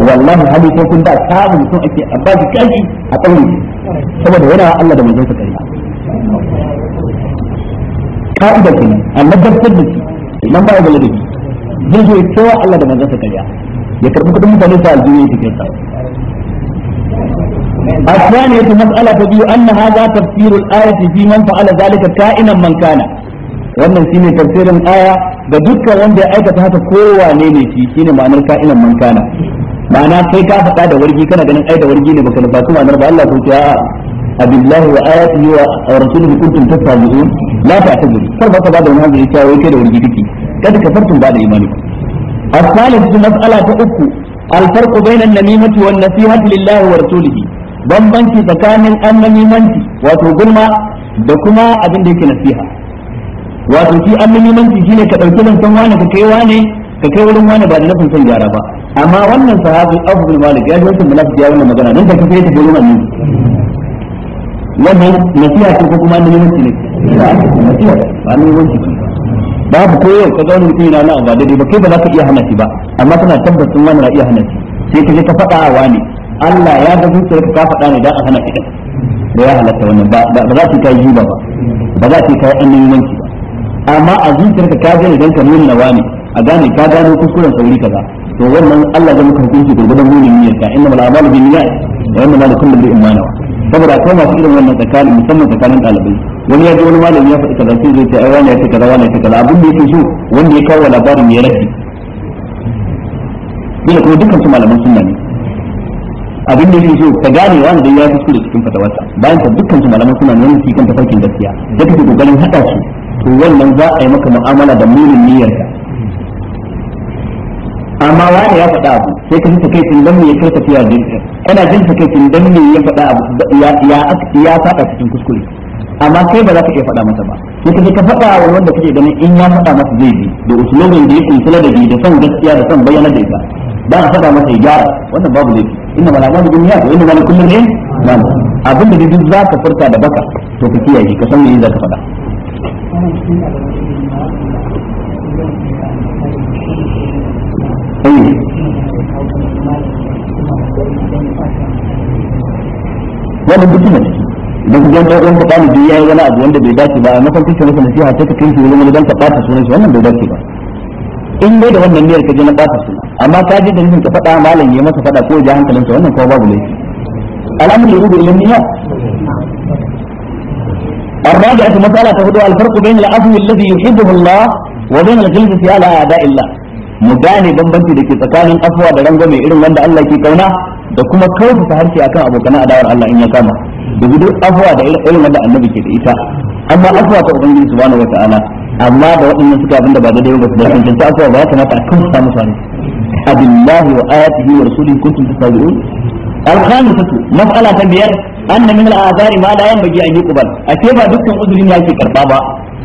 wallahi hali ko kun da samun sun ake a ba shi kashi a ƙauye saboda yana Allah da manzon sa kai ka'ida a annabbar da shi nan ba ya da shi zai zo ya Allah da manzon sa kai ya karbi kudin mutane sa aljihu ya tafi sa ta مسألة تبيو أن هذا تفسير الآية في من فعل ذلك كائنا من كان wannan shi ne tafsirin aya ga dukkan wanda ya aikata haka kowa ne ne shi shine ma'anar ka'inan man kana ma'ana kai ka faɗa da wargi kana ganin ai da wargi ne baka nufa kuma ba Allah ko ta a billahi wa ayatihi wa rasulihi kuntum tasabiun la ta'tabiru kar ba ka ba da wani hanzari cewa kai da wargi kike kada ka fartun ba da imani الثالث مسألة أكو الفرق بين النميمة والنصيحة لله ورسوله bambanci tsakanin an namimanci wato gulma da kuma abin da yake nasiha wato shi an namimanci shine ka dauki san wani ka kai ne? ka kai wurin wani ba da nufin son gyara ba amma wannan sahabi Abu bin Malik ya ji wannan munafiki ya wannan magana dan take sai ta gurin annabi wannan nasiha ko kuma annabi ne nasiha annabi ne babu ko yau ka zauna mutum yana nan ba daidai ba kai ba za ka iya hana shi ba amma kana tabbacin wani na iya hana shi sai ka je ka faɗa a wani Allah ya ga zuciyar ka faɗa ne dan a hana shi da ya halatta wannan ba ba za ka yi ba ba za ka yi annabi ba amma a zuciyar ka ka je idan ka nuna wani. a gane ka gano kuskuren sauri kaza to wannan Allah zai maka hukunci gurgurdan munin niyyar ka inna mal a'malu bin niyyat wa inna mal kullu bi imana saboda akwai masu irin wannan tsakanin musamman tsakanin ɗalibai wani ya ji wani malami ya faɗi kaza sai zai ce ai wani ya ce kaza wani ya ce kaza abin da yake so wanda ya kawo labarin ya rafi dole kuma dukkan su malaman sunna ne abin da yake so ka gane wani da ya da cikin fatawarsa bayan ka dukkan su malaman suna nan cikin tafarkin gaskiya da kake kokarin hada su to wannan za a yi maka mu'amala da munin niyyarka amma wani ya faɗa abu sai ka fita kai dan me ya kai tafiya din kana jin ka kai dan ne ya faɗa abu ya ya ya faɗa cikin kuskure amma kai ba za ka iya faɗa masa ba sai ka ka faɗa wa wanda kake ganin in ya faɗa masa zai bi da usulobin da ya kunsula da bi da son gaskiya da son bayyana da ita ba a faɗa masa ya gyara wannan babu laifi inna ma amalu bin niyyat wa inna mala kullu ri'in ma abinda duk za ka furta da baka to ka kiyaye ka san me za ka faɗa wannan duk ne da wani ganta wanda ɗalibi ya yi wani abu wanda bai dace ba a mafarkin shi masa nasiha sai ka kai shi wani don ka ɓata sunan shi wannan bai dace ba in dai da wannan niyyar ka je na ɓata su amma ka je da nufin ka faɗa malam ya masa faɗa ko ya hankalinsa wannan kuma babu laifi al'amuri ya rubu ilin niyya الرابعة مسألة هو الفرق بين العفو الذي يحبه الله وبين الغلظة على أعداء الله mu gane bambanci da ke tsakanin afuwa da rangwame irin wanda Allah ke kauna da kuma ta harshe akan abokan adawar Allah in ya kama da duk afuwa da irin wanda annabi ke da ita amma afuwa ta ubangiji subhanahu wataala amma da waɗannan suka abinda ba daidai ba su da ta afuwa ba ya kamata a kan samu sani abillahi wa ayatihi wa rasulihi kuntum tasabiun الخامسة مسألة بيار أن من الآثار ما لا ينبغي أن يقبل ashe ba dukkan uzurin ke karba ba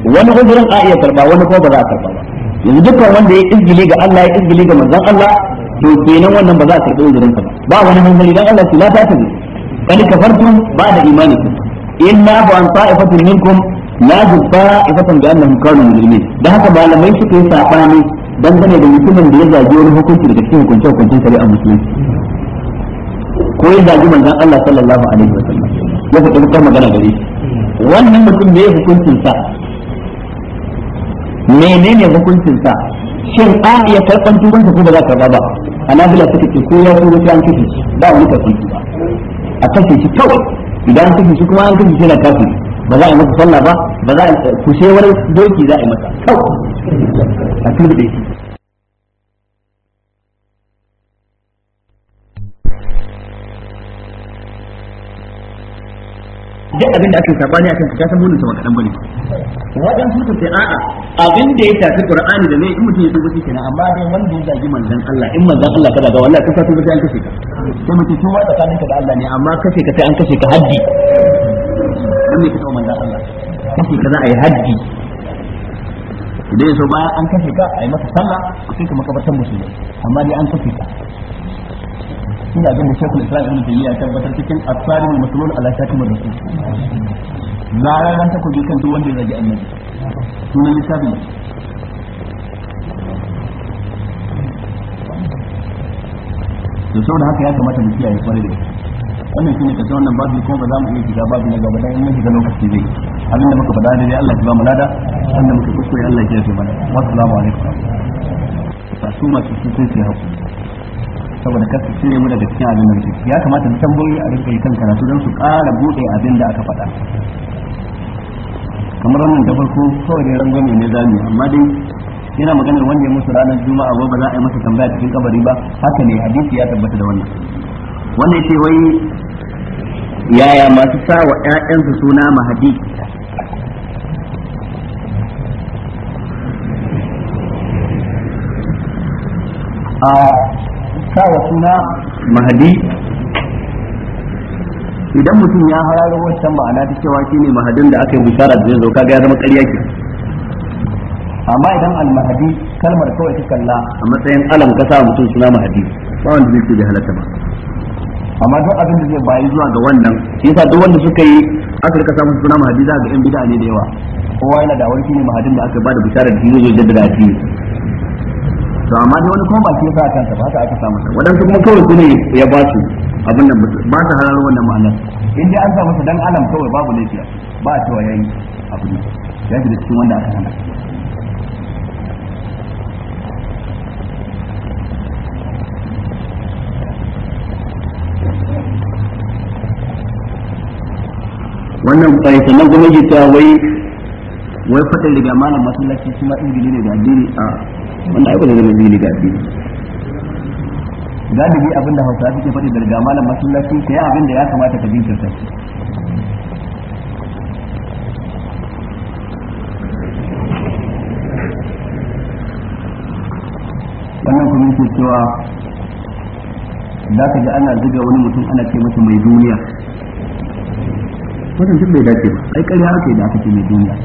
wani uzurin a iya karba wani ko ba za a karba ba yanzu dukkan wanda ya izgili ga Allah ya izgili ga manzon Allah to kenan wannan ba za a karɓi uzurin sa ba wani hankali dan Allah ce la ta tabi bal kafartu ba da imani illa fa an ta'ifatun minkum la ta'ifatan bi annahum kanu mujrimin da haka malamai suka yi sabani dangane da mutumin da ya zagi wani hukunci daga cikin hukuncin hukuncen shari'a musulunci ko ya zagi manzon Allah sallallahu alaihi wasallam ya faɗi kalmar magana gare shi wannan mutum ne hukuncin sa menene hukuncin sa shin a ya karban tubansa ko ba za ka ba bila suka ce ko ya turo sai an kashe shi ba wani kashe shi ba a kashe shi kawai idan an kashe shi kuma an kashe shi na kafin ba za a yi masa sallah ba ba za a kushe wani doki za a yi masa kawai a turbe shi duk abin da aka yi sabani akan ka san munin sa ba kadan bane Wajen su ta a'a abin da ya tafi qur'ani da ne in mutum ya tuba shi kenan amma dai wanda ya zagi manzon Allah in manzon Allah kada ga wallahi kasa tuba sai an kashe ka sai mutum tuba tsakanin ka da Allah ne amma kashe ka sai an kashe ka haddi dan ne kuma manzon Allah kashe ka za a yi haddi idan ya so ba an kashe ka a yi masa sallah sai ka makabartan musulmi amma dai an kashe ka ina ga abin da shekul islam ibn tayyiya ya tabbatar cikin asarin musulun ala shatimar rasul ta takobi kan duk wanda ya zagi annabi sunan littafin da da haka ya kamata mu kiyaye kwarai da wannan shine kace wannan babu kuma ba za mu iya shiga babu na gaba dan mun shiga lokaci zai abin da muka faɗa ne dai Allah ya ba mu lada wanda muka kuskure Allah ya ji mana wassalamu alaikum su masu sun sai hakuri saboda kasa cire mu daga cikin abin da muke ya kamata da tambayoyi a rinka yi kan karatu don su ƙara buɗe abin da aka faɗa kamar wannan da farko kawai dai rangon ne zamu amma dai yana maganar wanda ya musu ranar juma'a ba ba za a yi masa tambaya cikin kabari ba haka ne hadisi ya tabbata da wannan wannan ce wai yaya masu sa wa ƴaƴansu suna mahadi a Sawa suna mahadi idan mutum ya hararo wancan ma'ana ta cewa shine mahadin da aka yi bishara da zai zo kaga ya zama ƙarya ke amma idan al-mahadi kalmar kawai ta kalla a matsayin alam ka sa mutum suna mahadi ba wanda zai ce da halatta ba amma duk abin da zai bayi zuwa ga wannan yasa duk wanda suka yi aka rika samun suna mahadi za ga yan bid'a ne da yawa kowa yana da wani ne mahadin da aka bada bishara da shi zai jaddada addini to amma dai wani kuma ba shi yasa kanta ba haka aka samu sa wadansu kuma kawai su ne ya ba su abin nan ba su halar wannan ma'ana in dai an samu su dan alam kawai babu laifi ba a cewa yayi abu ne ya da cikin wanda aka hana wannan bai sannan kuma yake cewa wai wai fadin riga malam masallaci kuma ingili ne da addini a wanda ai da zai zama zini gafi addini galibi abin da hausa suke faɗi daga malam masallaci ka yi abin da ya kamata ka jinkirta wannan kuma yake cewa za ka ji ana zuga wani mutum ana ce masa mai duniya wannan duk bai dace ba ai ƙarya yi da aka ce mai duniya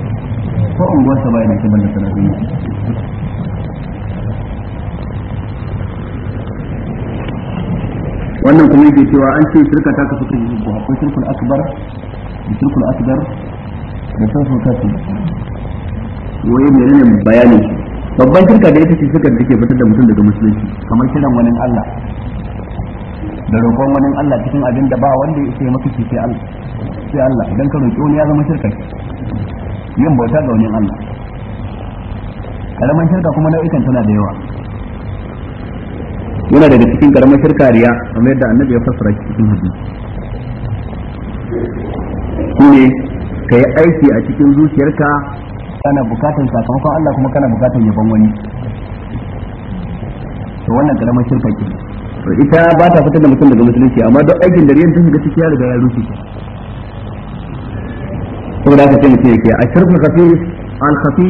ko unguwarsa bai da ke da sanar duniya wannan kuma yake cewa an ce shirka ta kasu kashi uku akwai shirkul akbar da shirkul akbar da shirkul kasu wai menene bayanin babban shirka da ita ce shirka da ke fitar da mutum daga musulunci kamar kiran wani Allah da roƙon wani Allah cikin abin da ba wanda ya sai maka sai Allah sai Allah idan ka roƙi wani ya zama shirka yin bauta ga wani Allah karaman shirka kuma nau'ikan tana da yawa yana daga cikin karamar shirkariya riya kamar yadda annabi ya fassara cikin hadisi shine ka yi aiki a cikin zuciyarka kana bukatar sakamakon Allah kuma kana bukatar yaban wani to wannan karamar shirka ke to ita ba ta fitar da mutum daga musulunci amma duk aikin da riyan tun shiga ciki ya riga ya rushe saboda haka sai mutum yake a shirka kafin al-khafi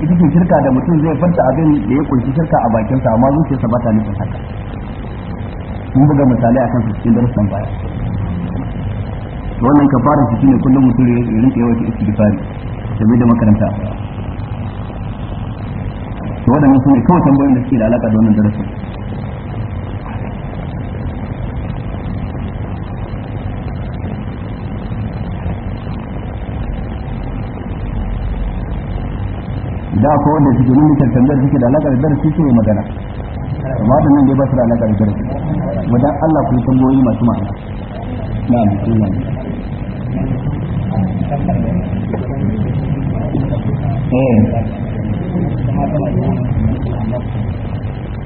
ita ce shirka da mutum zai fanta abin da ya kunshi shirka a bakinsa amma zuciyarsa ba ta nufin haka mun buga misalai akan su cikin darussan baya wannan kafara shi ne kullum mutum ya rinka yawa ki istighfari game da makaranta to wadannan sune kawai tambayoyin da suke da alaka da wannan darasin da ko wanda suke mun kan tambayar suke da alaƙa da su ne magana amma nan dai ba su da alaƙa da su wajen Allah ku tambayoyi masu ma'ana na'am na'am eh.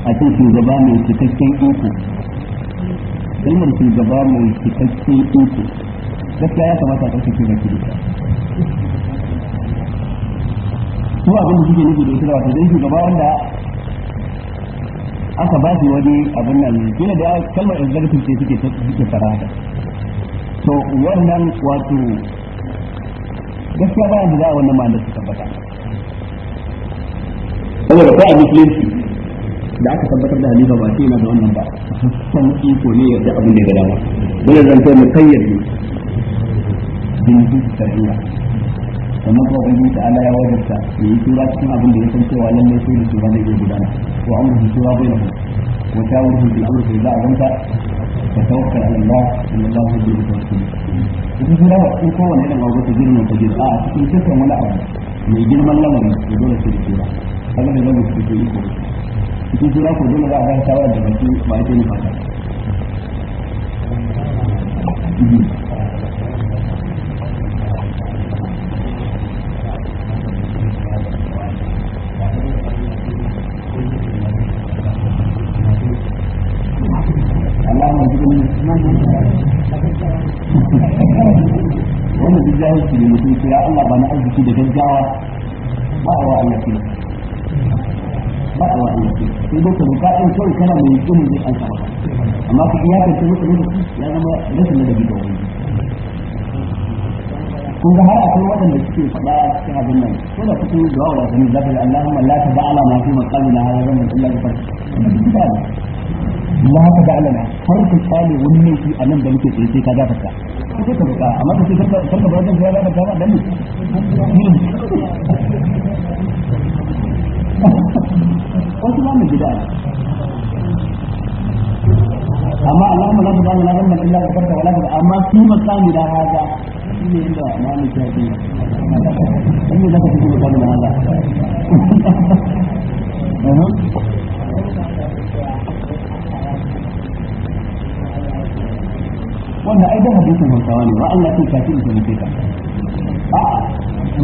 a kan shugaba mai cikakken iko kalmar shugaba mai cikakken iko gaskiya ya kamata a ƙarfafa ke da su abin da suke nufi da ita wato dai shugaba wanda aka ba su wani abin nan kila da kalmar executive ce suke suke fara to wannan wato gaskiya bayan da za a wannan ma'anar su tabbata saboda ko a musulunci da aka tabbatar da halifa ba ce yana da wannan ba san iko ne yadda abin da ya ga dama dole zan kai mu kayyade din duk shari'a sannan kuma ubangiji ta ala ya wajarta ya yi tura cikin abin da ya san cewa lallai sai da shugaba zai iya gudana wa amruhu shura bainahum wa da bil amri fa idza azamta fa tawakkal allah inna allah huwa al tawakkul idan shura wa cikin kowanne irin abu ta girma ta girma a cikin cikin wani abu mai girman lamarin da dole sai da shura kaga da lamarin su ke iko cikin ko dole za a ga shawara da baki ba ake nufa ta jahilci ne mutum sai ya Allah ba na arziki da gaggawa ba a wa Allah kila ba a wa Allah kila sai dai ka roƙa in kana mai ilimin zai an saba amma ka iya ka ce mutum ya zama rashin da gidan wani kun ga har akwai waɗanda suke faɗa cikin abin nan ko da cikin du'a wa da zaka masu Allahumma la tada'ala ma fi maqamina hadha min illa bi fadlik la ta da alana har ka tsale wani laifi a nan da muke tsaye sai ka gafarta sai ka roƙa amma ka ce karka karka ba wajen ya gafarta ba dan ne wasu ba mu gida amma Allahumma la tadana lana dhanban illa ghafarta wala amma fi maqami da hada shine inda mamu ta ce dan zaka fi maqami da hada wannan ai da hadisin hausawa ne ba Allah ka a'a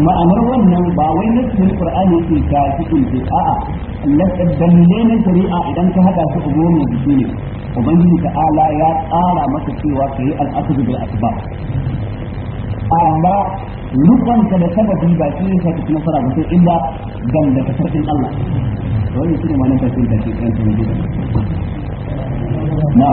ma'anar wannan ba wai nasin qur'ani ke ka cikin ce a'a dalilai na shari'a idan ka hada su a goma biki ne ubangiji ta'ala ya tsara maka cewa kai al'asubu bil asbab amma rukunta da sababi ba shi ne sai kuma fara ba sai illa dan da tafarkin Allah wannan shine ta tafsirin da ke kan sunan na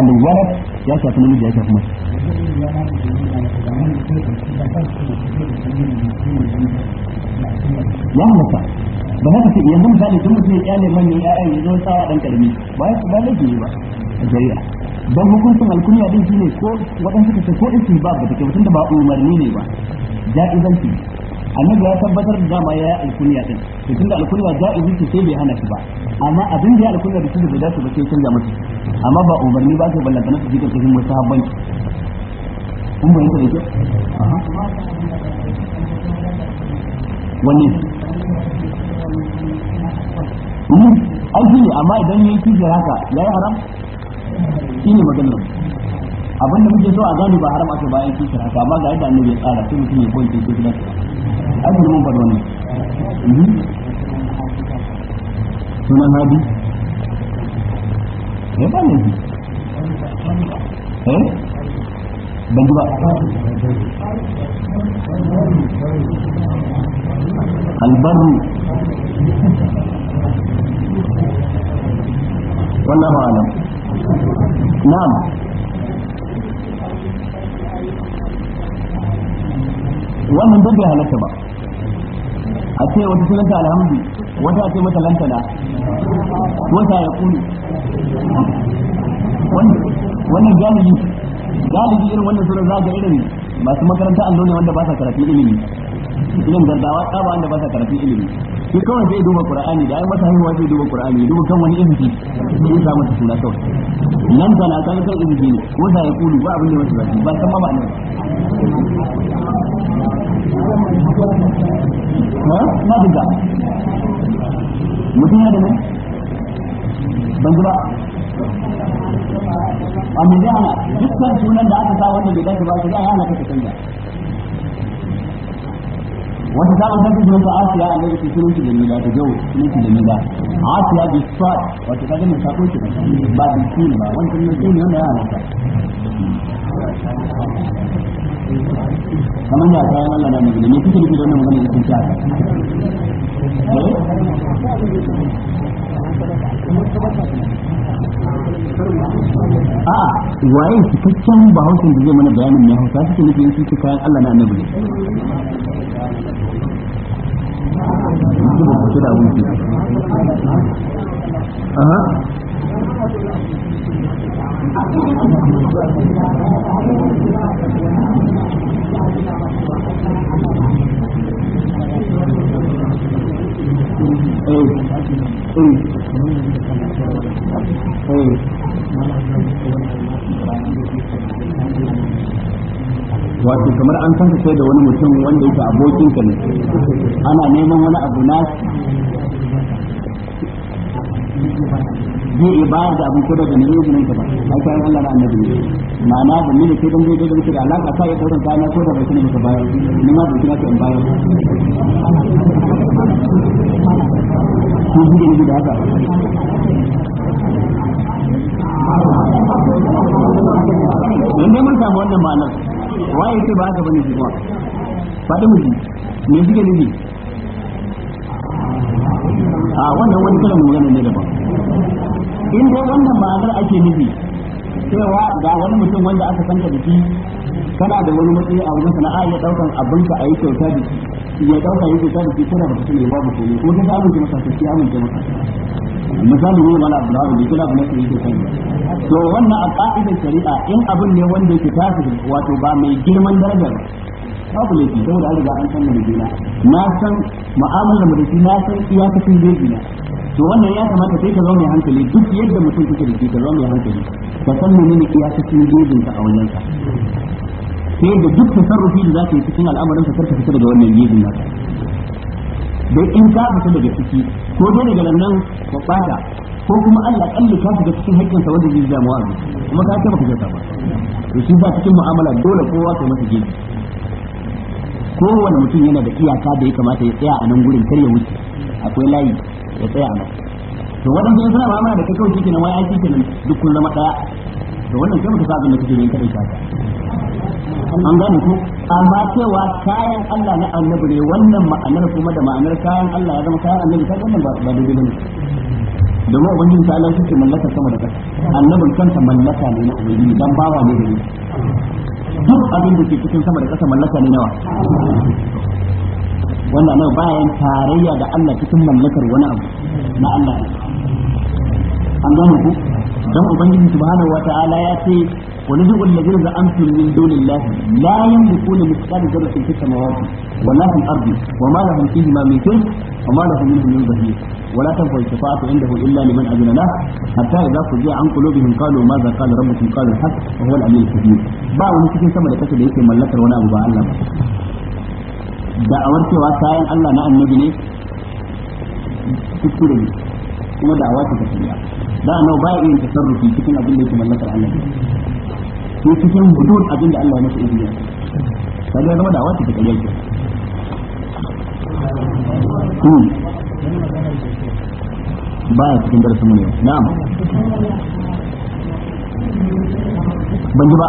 alwarat ya shafi namiji ya shafi mace ya halatta ba haka ce yanzu misali tun mutum ya kyale manyan ya'yan ya zo sawa dan karami ba ya ba laifi ne ba a shari'a don hukuncin alkunya din ne ko waɗansu ka ce ko istin ba ba take mutum da ba umarni ne ba ja'izanci annabi ya tabbatar da dama ya yi alkunya din to tunda alkunya ja'izi ce sai bai hana shi ba amma abin da ya alkunya da tunda da dace ba sai canza masa amma ba umarni ba ke ballanta na cikin cikin musahabban kun ba yake da wani hmm. an shi amma idan yayi kishiyar haka yi haram shine maganar abin da muke so a gane ba haram aka bayan shi haka amma ga yadda annabi ya tsara sai mutum ya koyi sai gidan sa ai mun faɗi wannan mhm. sunan hadi ya eh, ba ne eh ban ji ba albarru wallahu alam na'am wannan duk bai halatta ba a ce wata sunanta alhamdu wata a ce mata lantana wata ya kulu wannan galibi galibi irin wannan sunan za ga irin masu makaranta allo ne wanda ba sa karatu ilimi irin gardawa tsaba wanda ba sa karatu ilimi shi kawai zai duba qur'ani da ai masa haihuwa zai duba qur'ani duba kan wani izini zai sa masa suna kawai nan tana kan kan izini ne ko sa ya kulu ba abin da wasu ba san ma ba ne ba amma dai ana dukkan sunan da aka sa wanda bai dace ba shari'a ana kasa canja wata ta kasance sunan ta asiya a lokacin sunan ki da ta jau sunan ki jamila asiya bi sa'ad wata ta gama sako shi ba bi sun ba wani shi ne sun yana yana ta kamar da ta yana lana ne ne kike da wannan magana da kun ta a'a waye cikakken bahaushen da zai mana bayanin ne hausa suke nufin su ci kayan Allah na annabi ne wato kamar an san sai da wani mutum wanda yake abokin ka ne ana neman wani abu na zai iya da abin ko da ne yake nan ba a kai Allah da annabi ne ma'ana da ne sai zai da ya ko da bai ka bayar ni ma bai kina ka in bayar ko gudu da haka ne mun samu wannan ma'anar waye ce ba haka bane kuma mu me suke nufi a wannan wani kalan magana ne daban in dai wannan ma'anar ake nufi cewa ga wani mutum wanda aka santa da shi kana da wani matsayi a wurin sana'a ya daukan abin ka yi kyauta da shi ya dauka yi kyauta da shi kana da cikin babu komai ko kai amince masa sai ki amince masa misali ne mala da bai kula ba ne yake kai to wannan a ka'idar shari'a in abin ne wanda yake tasiri wato ba mai girman daraja ba babu laifi saboda an riga an san da gina na san mu'amalar mu da shi na san iyakacin zai to wannan ya kamata sai ka zo mai hankali duk yadda mutum kike da shi ka zo mai hankali ka san menene iyakacin gejin ka a wannan ka sai da duk tasarrufi da zaka yi cikin al'amarin ka karka fita daga wannan gejin naka dai in ka fita daga ciki ko dai daga nan ka fada ko kuma Allah kalli ka fita cikin haƙƙin sa wanda zai jama'a kuma ka ce baka kyauta ba to shi ba cikin mu'amala dole kowa kai masa geji kowane mutum yana da iyaka da ya kamata ya tsaya a nan gurin kar ya wuce akwai layi ya tsaya a nan to waɗanda ya suna mamana da kai kawai kenan wai aiki kenan duk kun zama ɗaya to wannan kai mutu sa abin da kake yin kadai kaka an gane ku amma cewa kayan Allah na annabi ne wannan ma'anar kuma da ma'anar kayan Allah ya zama kayan annabi ta wannan ba daidai bane domin ubangiji ta Allah yake mallakar sama da ƙasa annabin kanta mallaka ne na ubangiji dan bawa ne da ni duk abin da ke cikin sama da ƙasa mallaka ne nawa wanda nan bayan tarayya da Allah cikin mallakar wani abu na Allah an gane ku dan ubangiji subhanahu wataala ya ce wa nuzul ladina za'amtum min dunillahi la yamlikuna mithqala dharratin fis samawati wa la fil ardi wa ma lahum fihi ma min shay'in wa ma lahum minhu min zahir wa la tanfa'u shafa'atu indahu illa liman adina lah hatta idza qudiya an qulubihim qalu ma za qala rabbukum qalu al-haq wa huwa al-aliyyul kabir ba wani cikin sama da kasa da yake mallakar wani abu ba Allah ba da'awar cewa kayan Allah na annabi ne cikin ne kuma da'awa ta tafiya da annabi ba yin tasarrufi cikin abin da yake mallakar annabi ko cikin hudud abin da Allah ya masa izini kaga zama da'awa ta tafiya ke hmm. ba ya cikin darasin mu ne na'am ban ji ba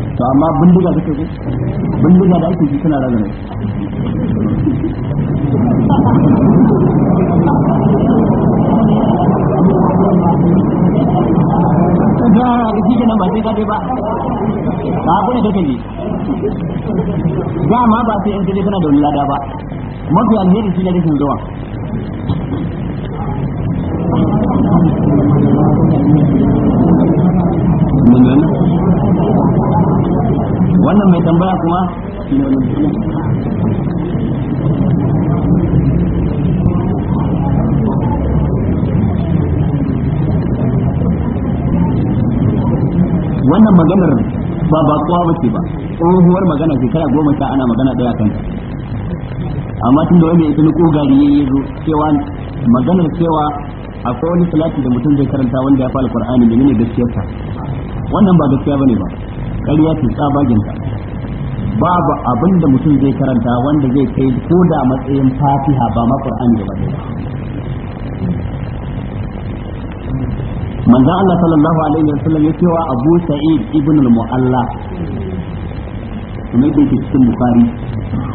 to amma bindiga suka zo bindiga da ake ji tana da ba ba ne dama ba sai kaje kana da lada ba mafi alheri shi ne rashin zuwa Thank you. wannan mai tambaya kuma wannan maganar ba ba kowa ba ba tsohuwar magana ke shekara goma sha ana magana daya kanta amma tun da wani ya tuni kogari ya yi cewa maganar cewa akwai wani salati da mutum zai karanta wanda ya fara qur'ani da ne gaskiyarsa wannan ba gaskiya bane ba ƙarya ce tsabaginta babu abin da mutum zai karanta wanda zai kai ko da matsayin fatiha ba makon qur'ani da ba manzan Allah sallallahu alaihi wa sallam ya cewa Abu Sa'id ibn al-Mu'alla kuma yake cikin bukari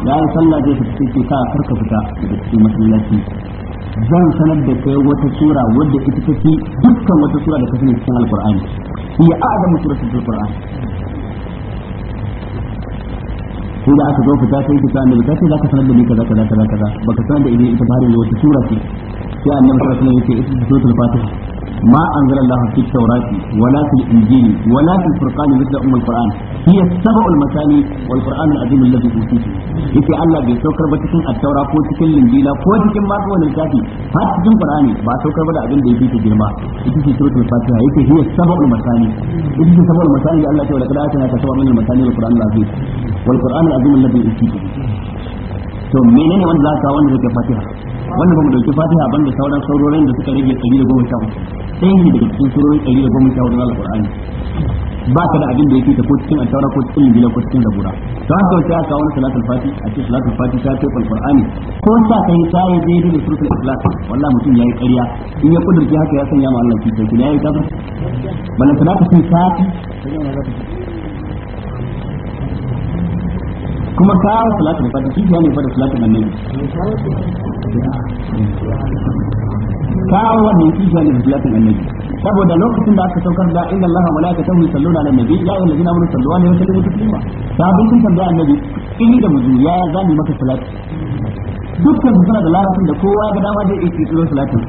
ya yi sallah zai fita cikin ka karka fita daga cikin masallaci zan sanar da kai wata sura wadda ita take dukkan wata sura da ta sani cikin alqur'ani hiya a'zamu suratul qur'an ko da aka zo ta sai ku sanar da kai zaka sanar da ni kaza kaza kaza baka sanar da idan ita bari wata sura ce sai annabi sallallahu alaihi wasallam yake ita suratul fatiha ما أنزل الله في التوراة ولا في الإنجيل ولا في الفرقان مثل أم القرآن هي السبع المثاني والقرآن العظيم الذي أوتيته yake Allah bai saukar ba cikin attaura ko cikin linjila ko cikin ma ko wani littafi har cikin Qur'ani ba saukar ba da abin da yake girma ita ce suratul Fatiha yake hiya sab'ul masani ita ce sab'ul masani da Allah ya ce wa laqad atana ka sab'a min al al-Qur'an to menene wanda za wanda Fatiha wanda ba mu dauki fatiha ban da sauran saurorin da suka rage 114 sai ne daga cikin saurorin 114 na alqur'ani ba ka da abin da yake ta ko cikin attaura ko cikin injila ko cikin zabura to haka wace aka wani salatul fati a cikin salatul fati ta ce alqur'ani ko sa kai sai daidai da suratul ikhlas wallahi mutum yayi ƙarya in ya kudurki haka ya sanya ma Allah ki sai yayi kafir balan salatul fati kuma kawo salatu da fadi shi ne fata salatu annabi kawo wani kishiya ne da da annabi saboda lokacin da aka saukar da inna allaha malaikatahu yusalluna ala nabi ya ayyuhal ladina amanu sallu alaihi wa sallimu taslima sabin sun tambaya annabi in da mu ya zani maka salatu. dukkan su suna da larabcin da kowa ga dama zai iya tsiro salatin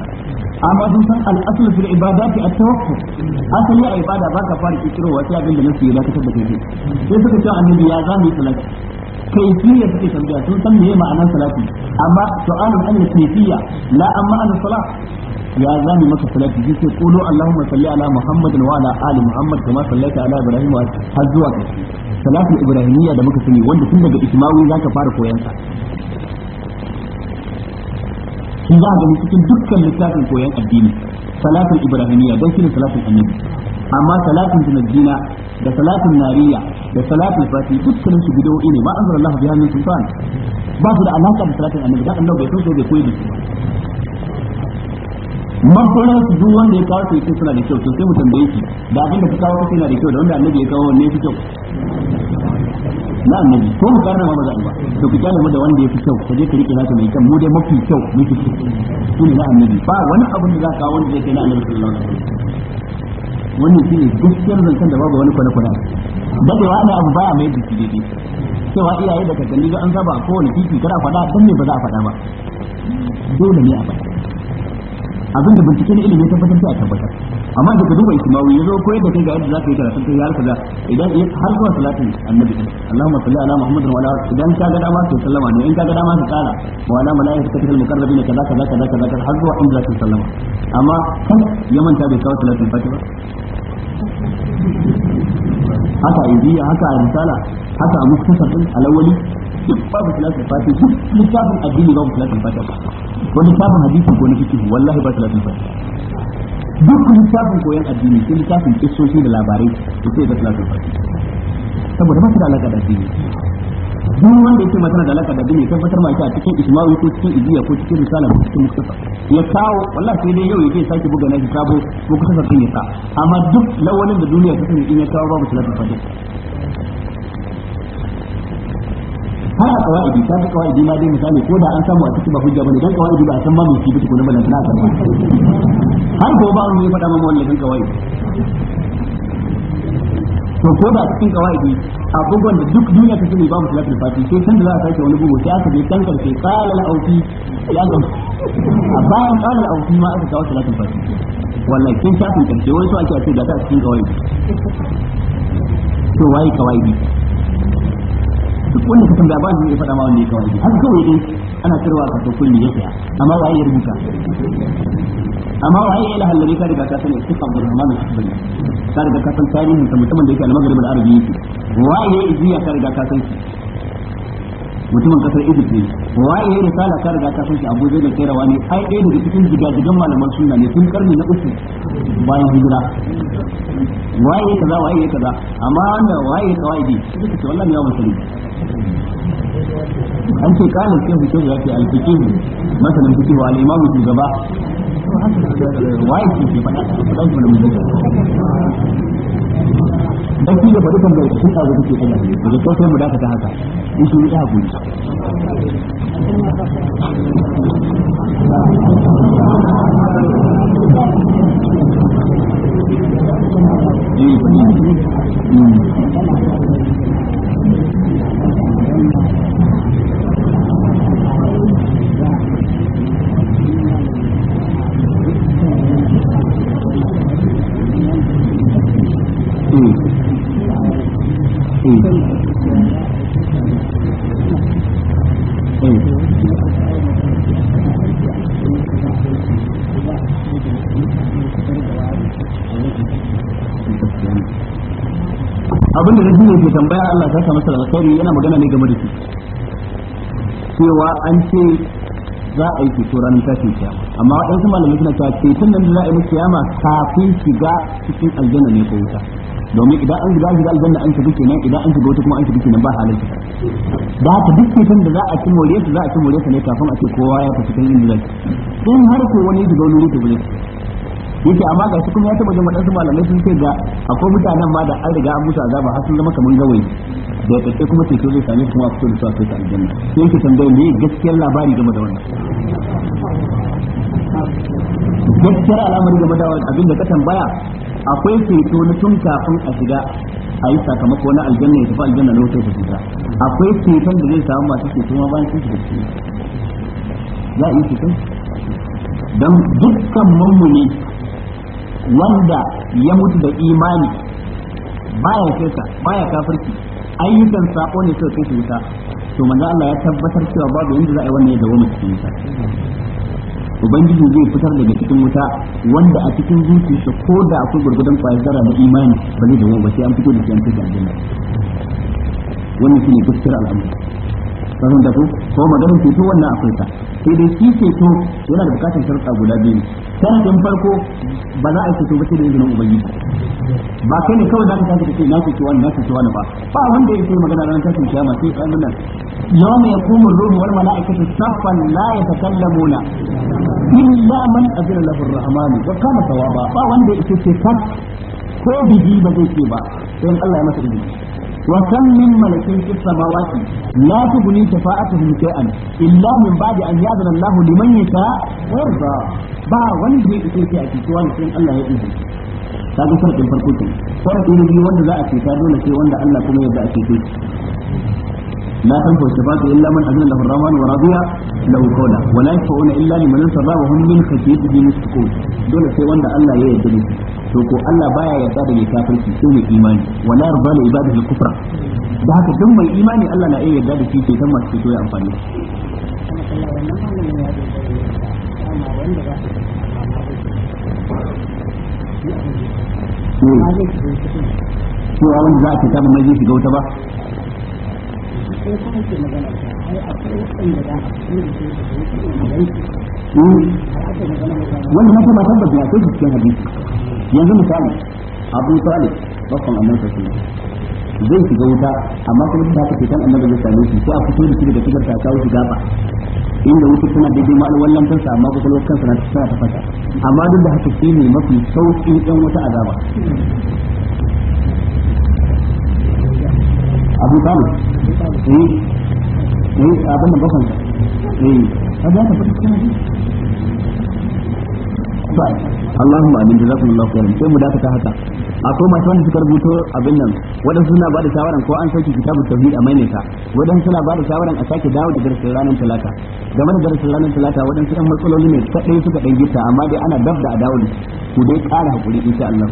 amma sun san al'asul fil ibadati at-tawakkul asali a ibada baka fara kirowa sai abin da nake ya dakatar da kai sai suka ce annabi ya zani salati kaifiya suke tambaya sun san meye ma'anar salati amma su'alun an kaifiya la amma an salat ya zami maka salati sai sai qulu allahumma salli ala muhammadin wa ala ali muhammad kama sallaita ala ibrahim wa zuwa kai salatu ibrahimiyya da muka sani wanda tun daga ismawi zaka fara koyon sa za a gani cikin dukkan littafin koyon addini salatul ibrahimiyya don shi ne salatul annabi amma salatul tunajjina da salatul nariya da salatul fati dukkanin su bidowi ne ma anzar Allah biya min sultan ba su da alaka da salatul annabi da Allah bai san so bai koyi da su mafarar su duk wanda ya kawo su yake suna da kyau to sai mu tambaye shi da abin da ka kawo yana da kyau da wanda annabi ya kawo wanne ya fi kyau na annabi ko mu na ma a ba to ku kyale mu da wanda fi kyau ka je ka rike naka mai kyau mu dai mafi kyau mafi kyau ne na annabi ba wani abin da za ka wanda zai kai na annabi sallallahu alaihi wasallam wannan ne gaskiyar zancen da babu wani kwana kwana da ana abu baya mai jiki daidai cewa iyaye da kakanni ga an saba ko kowane titi kada a faɗa don ne ba za a faɗa ba dole ne a faɗa abin da bincike na ilimi tabbatar sai a tabbatar amma da ka duba ismawi yazo koyar da kai ga yadda zaka yi karatu kai har kaza idan ya har zuwa salatin annabi Allahumma salli ala Muhammad wa ala idan ka ga dama to sallama ne in ka ga dama ka kala wa ala malaikatatil muqarrabin kaza kaza kaza kaza har zuwa za zaka sallama amma kan ya manta bai kawo salatin fatiha haka iziya haka a risala haka a muktasar din alawali duk babu salatin fatiha duk littafin addini babu salatin fatiha ko littafin hadisi ko na fiqh wallahi ba salatin fatiha duk littafin koyon addini sai littafin kissoshi da labarai da sai ga salatul farki saboda masu su da alaka da addini duk wanda yake masana da alaka da addini sai fatar ma a cikin ismawi ko cikin idiya ko cikin risala ko cikin mustafa ya kawo wallahi sai dai yau yake sake buga na shi sabo ko kusa sa ya sa amma duk lawalin da duniya ta sani in ya kawo babu salatul fati har a kawaidi ta kawaidi ma dai misali ko da an samu a cikin ba hujja bane dan kawaidi ba a san ma mai shi ko na balan tana san har ko ba mu yi faɗa mana wannan kawaidi to ko da cikin kawaidi abubuwan da duk duniya ta sani babu salatul fati sai san da za a sake wani bugu sai aka je kan karshe qala al aufi ya ga a bayan qala al aufi ma aka kawo salatul fati wallahi kin shafin karshe wai so ake a ce da ta cikin kawaidi to wai kawaidi duk wanda ka tambaya ba ni ya faɗa ma wanda ya kawo shi haka kawai dai ana tarwa ka ta kulli ya amma waye ya rubuta amma waye ya lahalla ne ka riga ka sani sai Abdul Rahman al-Kubri ka riga ka san tarihin sa mutumin da yake al-Maghrib al-Arabi yake waye ya iziya ka riga ka san shi mutumin kasar Egypt ne waye ya sala ka riga ka san shi Abu Zaid al-Qayrawa ne ai ɗaya daga cikin jigajigan malaman sunna ne tun karni na uku bayan hijira waye kaza waye kaza amma wanda waye kawaidi suka ce wallahi ya sani an ce kana cikin hukum ya ce al masa nan kike wa al-imam shugaba waye ke faɗa da musulmi dan shi da bari kan da shi ta gudu ke kana da ko sai mu dafa ta haka in shi ya gudu Mm-hmm. abin da zai ke tambaya Allah ta sa masa alkhairi yana magana ne game da shi cewa an ce za a yi ceto ranar tashin kiyama amma waɗansu malamai suna cewa ceton nan da za a yi na kiyama kafin shiga cikin aljanna ne ko wuta domin idan an shiga shiga aljanna an shiga kenan idan an shiga wata kuma an shiga kenan ba halin shiga ba ta duk ceton da za a ci moriyarsa za a ci moriyarsa ne kafin a ce kowa ya fita cikin inda zai in har ko wani shiga wani rufe ba yake amma ga su kuma ya taba jama'a su malamai sun ce ga akwai mutanen ma da an riga an mutu azaba har sun zama kamar gawayi da ya kace kuma ceto zai same su kuma a fito da su a kai aljanna sai yake tambaye me gaskiyar labari game da wannan gaskiyar al'amari game da abin da ka tambaya akwai ceto na tun kafin a shiga a yi sakamako na aljanna ya tafi aljanna na wutar fita akwai ceton da zai samu masu ceto ma bayan sun shiga ciki za a yi ceton Dan dukkan mamuni wanda ya mutu da imani baya kaita baya kafirki ayyukan sako ne suka kai ta wuta to manzo Allah ya tabbatar cewa babu inda za a yi wannan ya dawo mu cikin wuta ubangiji zai fitar daga cikin wuta wanda a cikin zuciyarsa ko da akwai gurgudan kwayar na imani ba zai dawo ba sai an fito da shi an fita aljanna wannan shine gaskiyar al'amari da ko ko maganar ceto wannan akwai ta sai dai shi ceto yana da bukatar sharuɗa guda biyu sharadin farko ba za a yi fito ba sai da izinin ubangiji ba kai ne kawai za ka tashi kace na kuce wani na kuce wani ba ba wanda yake magana ranar tashin kiyama sai kan nan yawma yaqumu ar-ruhu wal mala'ikatu saffan la yatakallamuna illa man azina lahu ar-rahman wa kana sawaba ba wanda yake ce ko bibi ba zai ce ba sai Allah ya masa izini وكم من ملكين في السماوات لا تغني شفاعتهم شيئا الا من بعد ان ياذن الله لمن يشاء ويرضى با wanda zai fice shi a cikin wani sai Allah ya izini kaga farkin farko ke farkin ne biyu wanda za a ceta dole sai wanda Allah kuma ya ba a cece لا تنفع الشفاعة إلا من أذن له الرحمن ورضي له قولا ولا يشفعون إلا لمن ارتضى وهم من خشيته مشفقون دول سي وند الله يهدي to ko Allah baya yarda da kafirci sai mai imani wala yarda da ibadihi al-kufra da haka duk mai imani Allah na iya yarda da shi sai san masu so ya amfani eh. ko a wanda za a fita ba mai zai shiga wuta ba eh. wani na kuma tabbata ya kai cikin hadisi yanzu misali abu talib bakon annabi sallallahu alaihi zai shiga wuta amma kuma da haka fitan annabi zai same shi ko a fito da shi daga cikin ta kawo shi gaba inda wuta tana daidai ma alwallan kansa amma kuma lokacin kansa na tana ta fata amma duk da haka shine mafi sauki dan wata azaba abu talib eh eh abin da bakon eh abin da bakon Allahumma amin Allah khairan sai mu dakata haka akwai masu wanda suka rubuto abin nan wadan suna ba da shawaran ko an sauke kitabul tauhid a maimaita wadan suna ba da shawaran a sake dawo da darasin ranar talata game da darasin ranar talata wadan ɗan matsaloli ne kadai suka dan gita amma dai ana dab da a dawo da ku dai kara hakuri insha Allah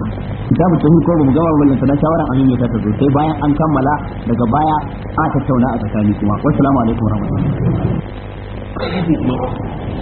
kitabul tauhid ko mu gama wannan sanan shawaran a maimaita ta zo sai bayan an kammala daga baya a tattauna a tsakani kuma wassalamu alaikum warahmatullahi